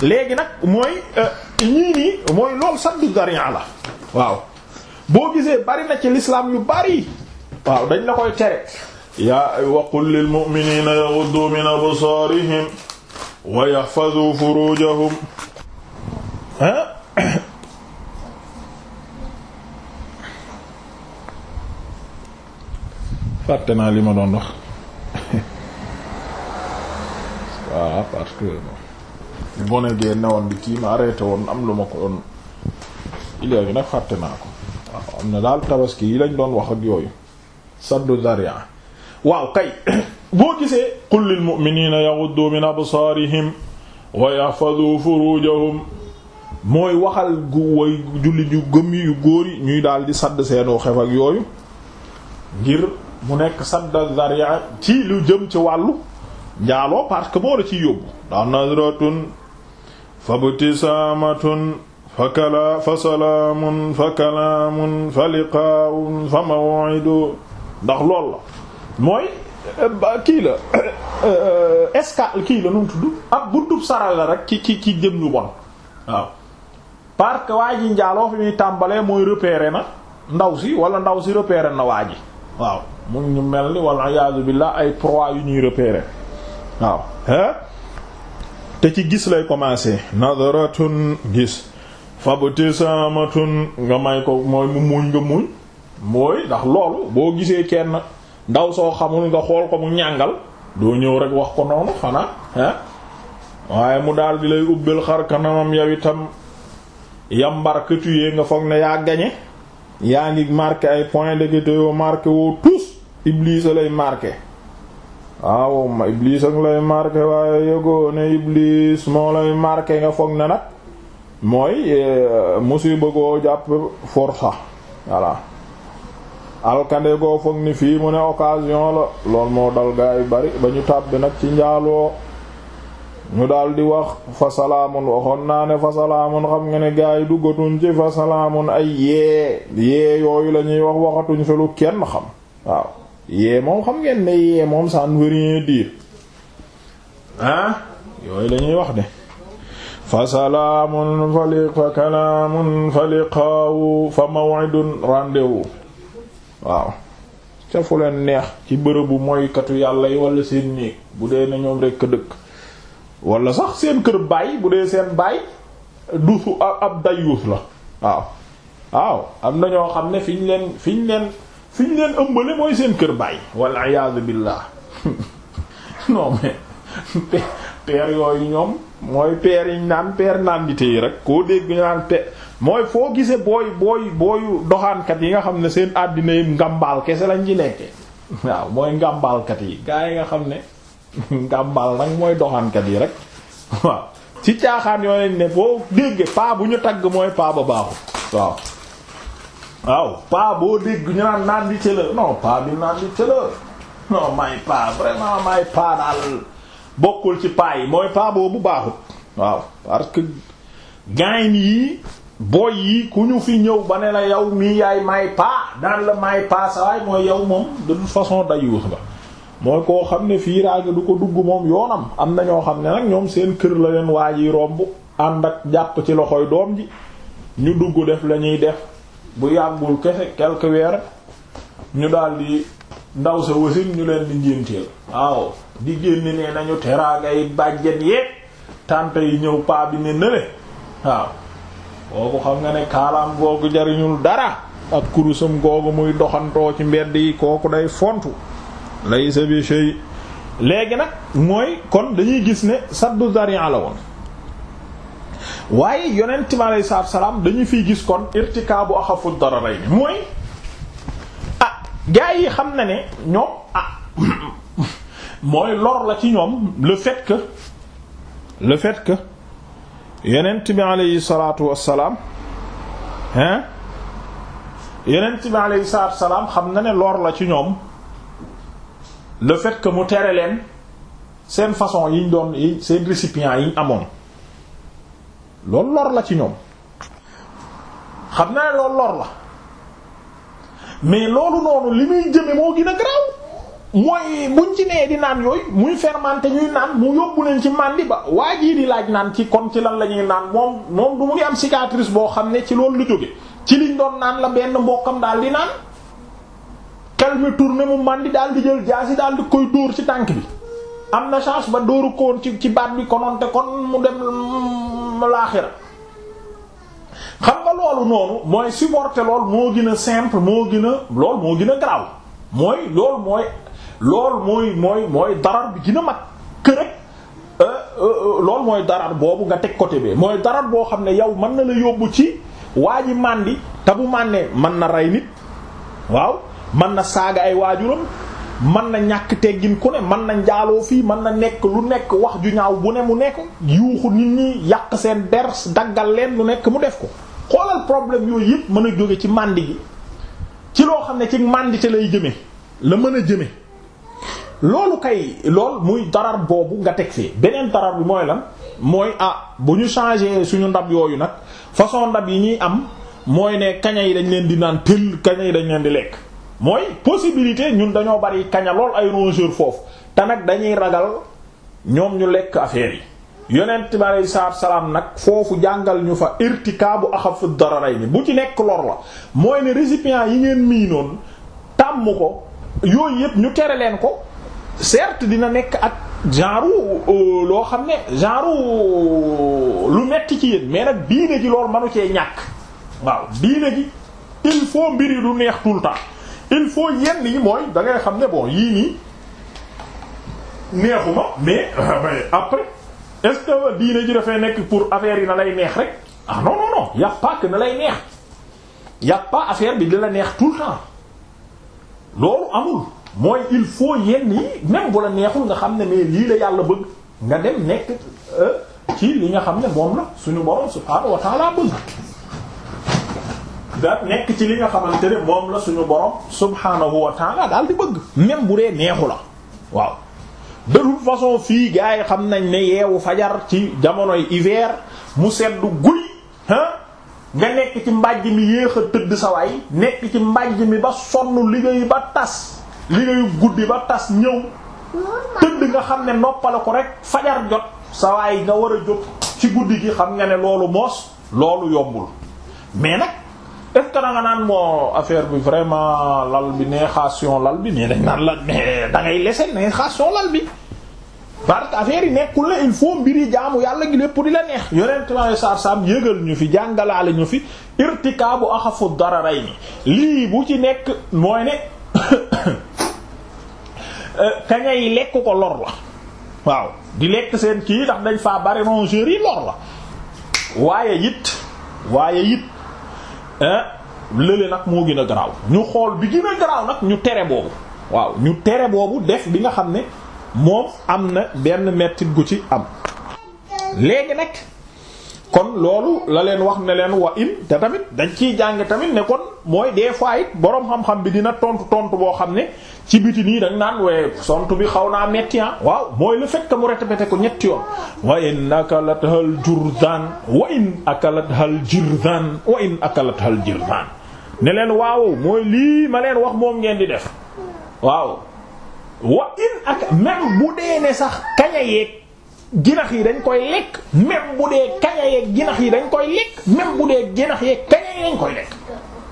léegi nag mooy eh, ñii nii mooy lool saddu darian la waaw boo gisee bari na ci l'islam yu bari waaw dañ la koy tere yaa waqul lilmuminina yaghuddu min absaarihim wa yahfadhu furujahum *coughs* fàtte naa li ma doon waaw *laughs* ah, parce que gone gee newoon bi kii ma arrêté woon am lu ma ko doon léegi nag fàtte naa ko ah, am na daal tabaski yi lañ doon wax ak yooyu saddu darian waaw kay *clears throat* boo gisee qul lil mu'minina yaghuddu min absaarihim wa yahfadhu furujahum mooy waxal way julli ñu gëm yu góor ñuy daal di sadd seenoo xef ak yooyu ngir mu nekk sadda zaria ci lu jëm ci wàllu njaaloo parce que moo la yóbbu daa nazratun fa btisaamatun fa kala fa salaamun fa kalaamun ndax lool la mooy euh, kii la *coughs* euh, euh, escale kii la nu mu tudd ab buntub saral la rek ci ci ci jëm lu bon waaw parce que waa ji njaaloo fi muy tàmbalee mooy repérer na ndaw si wala ndaw si repérer na waa ji waaw mu ñu mel ni wala iyaazu billah ay proies yu ñuy repérer waaw te ci gis lay commencer nadaratun gis fabtisamatun nga may ko mooy mu muuñ nga muuñ mooy ndax loolu boo gisee kenn ndaw soo xamul nga xool ko mu ñàngal doo ñëw rek wax ko noonu xanaa ah waaye mu daal di lay ubbel xar kanamam yow itam yambar que tu nga foog na yaa gañe yaa ngi marqué ay point ndekete yoo marqué woo tous Iblis lay marqué waaye yëgoo ne Iblis moo lay marqué nga foog na nag mooy eh, musiba goo jàpp força voilà alkande goo foog ni fii mu ne occasion la loolu moo dal gaa bari ba ñu tàbbi nag ci njaaloo ñu daldi wax fa salaamun waxoon naa ne fa salaamun xam nga ne gaa yi ci fa salaamun ay yee yooyu la wax waxatuñ fi kenn xam waaw yee moom xam ngeen ne yee moom ça ne veut ah yooyu la wax de fa salaamun fa li fa kalaamun fa liqaawu fa maw'idun rendez-vous waaw ca fu leen neex ci bërëbu mooykatu yàlla yi walla seen néeg bu dee ne ñoom rekk dëkk wala sax seen kër baay bu dee seen baay dusu ab dayuus la waaw waaw am na ñoo xam ne fi ñu leen fi ñu leen fi leen ëmbale mooy seen kër baay walla iyaadu billaah *laughs* non mais *laughs* père yooyu ñoom mooy père yi ñu naan père yi di koo dégg ñu naan mooy foo gisee booy booy booyu doxaankat yi nga xam ne seen àddina yi ngàmbaal kese lañ ci nekke waaw mooy ngàmbaalkat yi gaa yi nga xam ne *laughs* ngàmbaal nag mooy doxaankat yi rek *laughs* waaw ci caaxaan yoo ne boo déggee paa bu ñu tagg mooy paa ba baaxul waaw paa boo dégg ñu naan naan di cëla non paa bi naan di cëla non may paa vraiment may paa daal bokkul ci paa yi mooy paa boobu baaxul waaw parce que gain yi boy yi ku ñu fi ñëw ba ne la yow mii yaay may paa daan la may paa sawaay mooy yow moom de façon dayuus la mooy koo xam ne fii raage du ko dugg moom yoonam am na ñoo xam ne nag ñoom seen kër la leen waa yi romb ànd ak jàpp ci loxoy doom ji ñu dugg def lañuy def bu yàggul kese quelque weer ñu daldi ndaw sa wasin ñu leen di njénteel waaw di génne ne nañu teraangay bàjjen yeeg tànta yi ñëw paa bi ne nële waaw boobu xam nga ne kaalaam googu jariñul dara ak kurusam googu muy doxantoo ci mbedd yi kooku day fontu lay sa bi léegi nag mooy kon dañuy gis ne saddu zari'a la woon waaye yonent mi alayhi salaam dañu fiy gis kon irtikaabu axafu dararayni mooy ah gaa yi xam na ne ñoom ah mooy lor la ci ñoom le fait que le yonent bi aleyhi salaatu wassalaam hein yonent bi aleyhi salaatu wassalaam xam na ne loor la ci ñoom le fait mu tere leen seen façon yiñ doon yi seen récipients yiñ amoon loolu lor la ci ñoom xam na ne loolu lor la mais loolu noonu li muy jëme moo gën a mooy buñ ci nee di naan yooyu muy fermenté ñuy naan mu yóbbu leen ci màndi ba waa jii di laaj naan ci kon ci lan la ñuy naan moom moom du mu ngi am cicatrice boo xam ne ci loolu lu jóge ci liñ doon naan la benn mbokkam daal di naan xel mi tourné mu màndi daal di jël jaasi daal di koy dóor ci tànk bi am na chance ba dóoru koon ci ci baat bi kononte kon mu dem laaxira xam nga loolu noonu mooy supporter lool moo gën a simple moo gën a lool moo gën a garaaw mooy loolu mooy lool mooy mooy mooy darar bi dina mag kër rek euh, euh, euh, loolu mooy darar boobu nga teg côté bi mooy darar boo xam ne yow mën na la yóbbu ci waa ji màndi te bu màndee mën na rey nit waaw mën na saaga ay mën na ñàkk teggin ku mën na njaaloo fii mën na nekk lu nekk wax ju ñaaw bu ne mu nekk yuuxu nit ñi yàq seen der daggal leen lu nekk mu def ko xoolal problème yooyu yëpp mën a jóge ci màndi gi ci loo xam ne ci màndi te lay jëme la mën a jëme loolu kay loolu muy darar boobu nga teg fee beneen darar bi mooy lan mooy ah bu ñu changé suñu ndab yooyu nag façon ndab yi ñuy am mooy ne kaña yi dañ leen di naan tël kaña yi dañ leen di lekk mooy possibilité ñun dañoo bari kaña lool ay rongeur foofu te nag dañuy ragal ñoom ñu lekk affaire yi yonent bi aleyhi salaam nag foofu jàngal ñu fa irtikaabu axafu dararay ni bu ci nekk lor la mooy ne récipient yi ngeen mii noonu tàmm ko yooyu yëpp ñu tere leen ko certes dina nekk ak genre euh, loo xam ne genre euh, lu metti ci yéen mais nag diine ji loolu manu cee ñàkk waaw diine ji il faut mbir yi du neex tout le temps il faut yenn yi mooy da xam ne bon yii nii neexuma *laughs* mais après est-ce que diine ji dafay nekk pour affaire yi na lay neex rek ah non non non y a pas que na lay neex y a affaire bi di la neex tout le temps loolu amul. mooy il faut yenn yi même bu la neexul nga xam ne mais lii la yàlla bëgg nga dem nekk euh, ci li nga xam ne moom la suñu borom subhaanahu wa bëgg da nekk ci li nga xamante ne moom la suñu borom subhaanahu wa ta'ala daal di bëgg même bu dee neexu la waaw de façon fii gars yi xam nañ ne yeewu fajar ci jamonoy hiver mu seddu guy ah nga nekk ci mbàjj mi yéex a tëdd sawaay nekk ci mbàjj mi ba sonn liggéey ba tas li yu guddi ba tas ñëw tëdd nga xam ne noppale ko rek fajar jot sa nga war a jóg ci guddi gi xam nga ne loolu moos loolu yombul mais nag est-ce que nga naan moo affaire bi vraiment lal bi neexation lal bi mais dañ naan la mais da ngay laisser neexation lal bi parce que affaire yi nekkul ne il faut mbiri jaamu yàlla gi lépp di la neex yonentmaayo sar sam yëgal ñu fi jàngalaale ñu fi irtikaabu axafu dararay ni lii bu ci nekk mooy ne *coughs* Euh, kaña yi lekk ko lor la waaw di lekk seen kii ndax dañ faa bari rongeurs lor la waaye it waaye it lële nag moo gën a garaaw ñu xool bi gën garaaw nag ñu tere boobu waaw ñu tere boobu def bi nga xam ne moom am na benn mettit gu ci am léegi nag kon loolu la leen wax ne leen wa in te tamit dañ ciy jàng tamit ne kon mooy des fois boroom xam-xam bi dina tontu tontu boo xam ne ci biti nii dañ naan waaye tontu bi xaw naa metti ah. waaw mooy le fait que mu ko ñetti yoon wa in akalat hal jurdan wa in akalat hal jirdan wa in leen waaw mooy lii ma leen wax moom ngeen di def waaw wa in ak même bu dee ne sax kaña yeeg ginax yi dañ koy lekk même bu dee kaña yeeg ginax yi dañ koy lekk même bu dee ginax yeeg kaña yi dañ koy lekk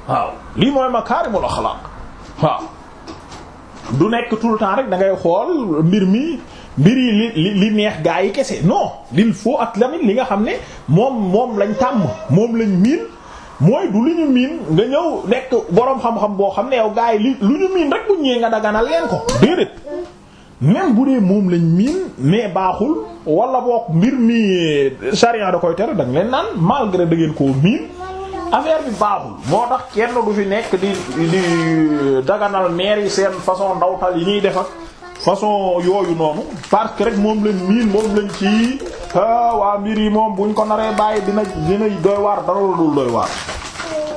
waaw lii mooy makaarimul axlaaq waaw du nekk tout le temps rek da xool mbir mi mbir li li neex yi kese non il faut ak lamit li nga xam ne moom moom lañ tàmm moom lañ miin mooy du lu ñu miin nga ñëw nekk boroom xam-xam boo xam ne yow gaa yi lu ñu miin rek bu ñëwee nga daganal leen ko déedéet même bu dee moom lañ miin mais baaxul wala boog mbir mi charia da koy tere da nga leen naan malgré da ngeen koo miin affaire bi baaxul moo tax kenn du fi nekk di di daganal maire yi seen façon ndawtal yi ñuy def ak façon yooyu noonu parce que rek moom lañ miin moom lañ ci waa mbir yi moom buñ ko naree bàyyi dina dina doy waar dara la dul doy waar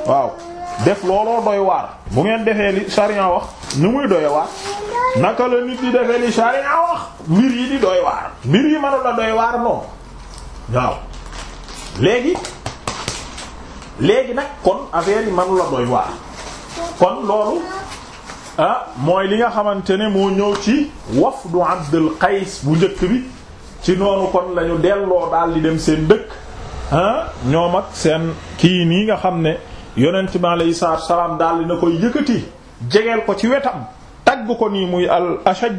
waaw. def looloo doy waar bu ngeen defee li sharia wax ni muy doy waar naka la nit di defee li sharia wax mbir yi di doy waar mbir yi mënul a doy waar noonu waaw léegi léegi nag kon affaire yi mënul la doy waar kon loolu ah mooy li nga xamante ne moo ñëw ci wafdu Abdul Qays bu njëkk bi ci noonu kon lañu delloo daal di dem seen dëkk ah ñoom ak seen kii nii nga xam ne yonent bi aleyhi salaatu salaam daal di na koy yëkkati jegeel ko ci wetam tagg ko nii muy al ashaj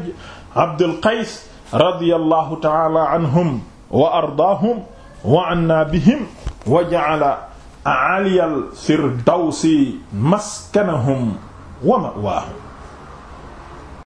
abdul qays radiyallahu taala anhum wa ardaahum wa anna bihim wa ja'ala aliyal firdawsi maskanahum wa ma'waahum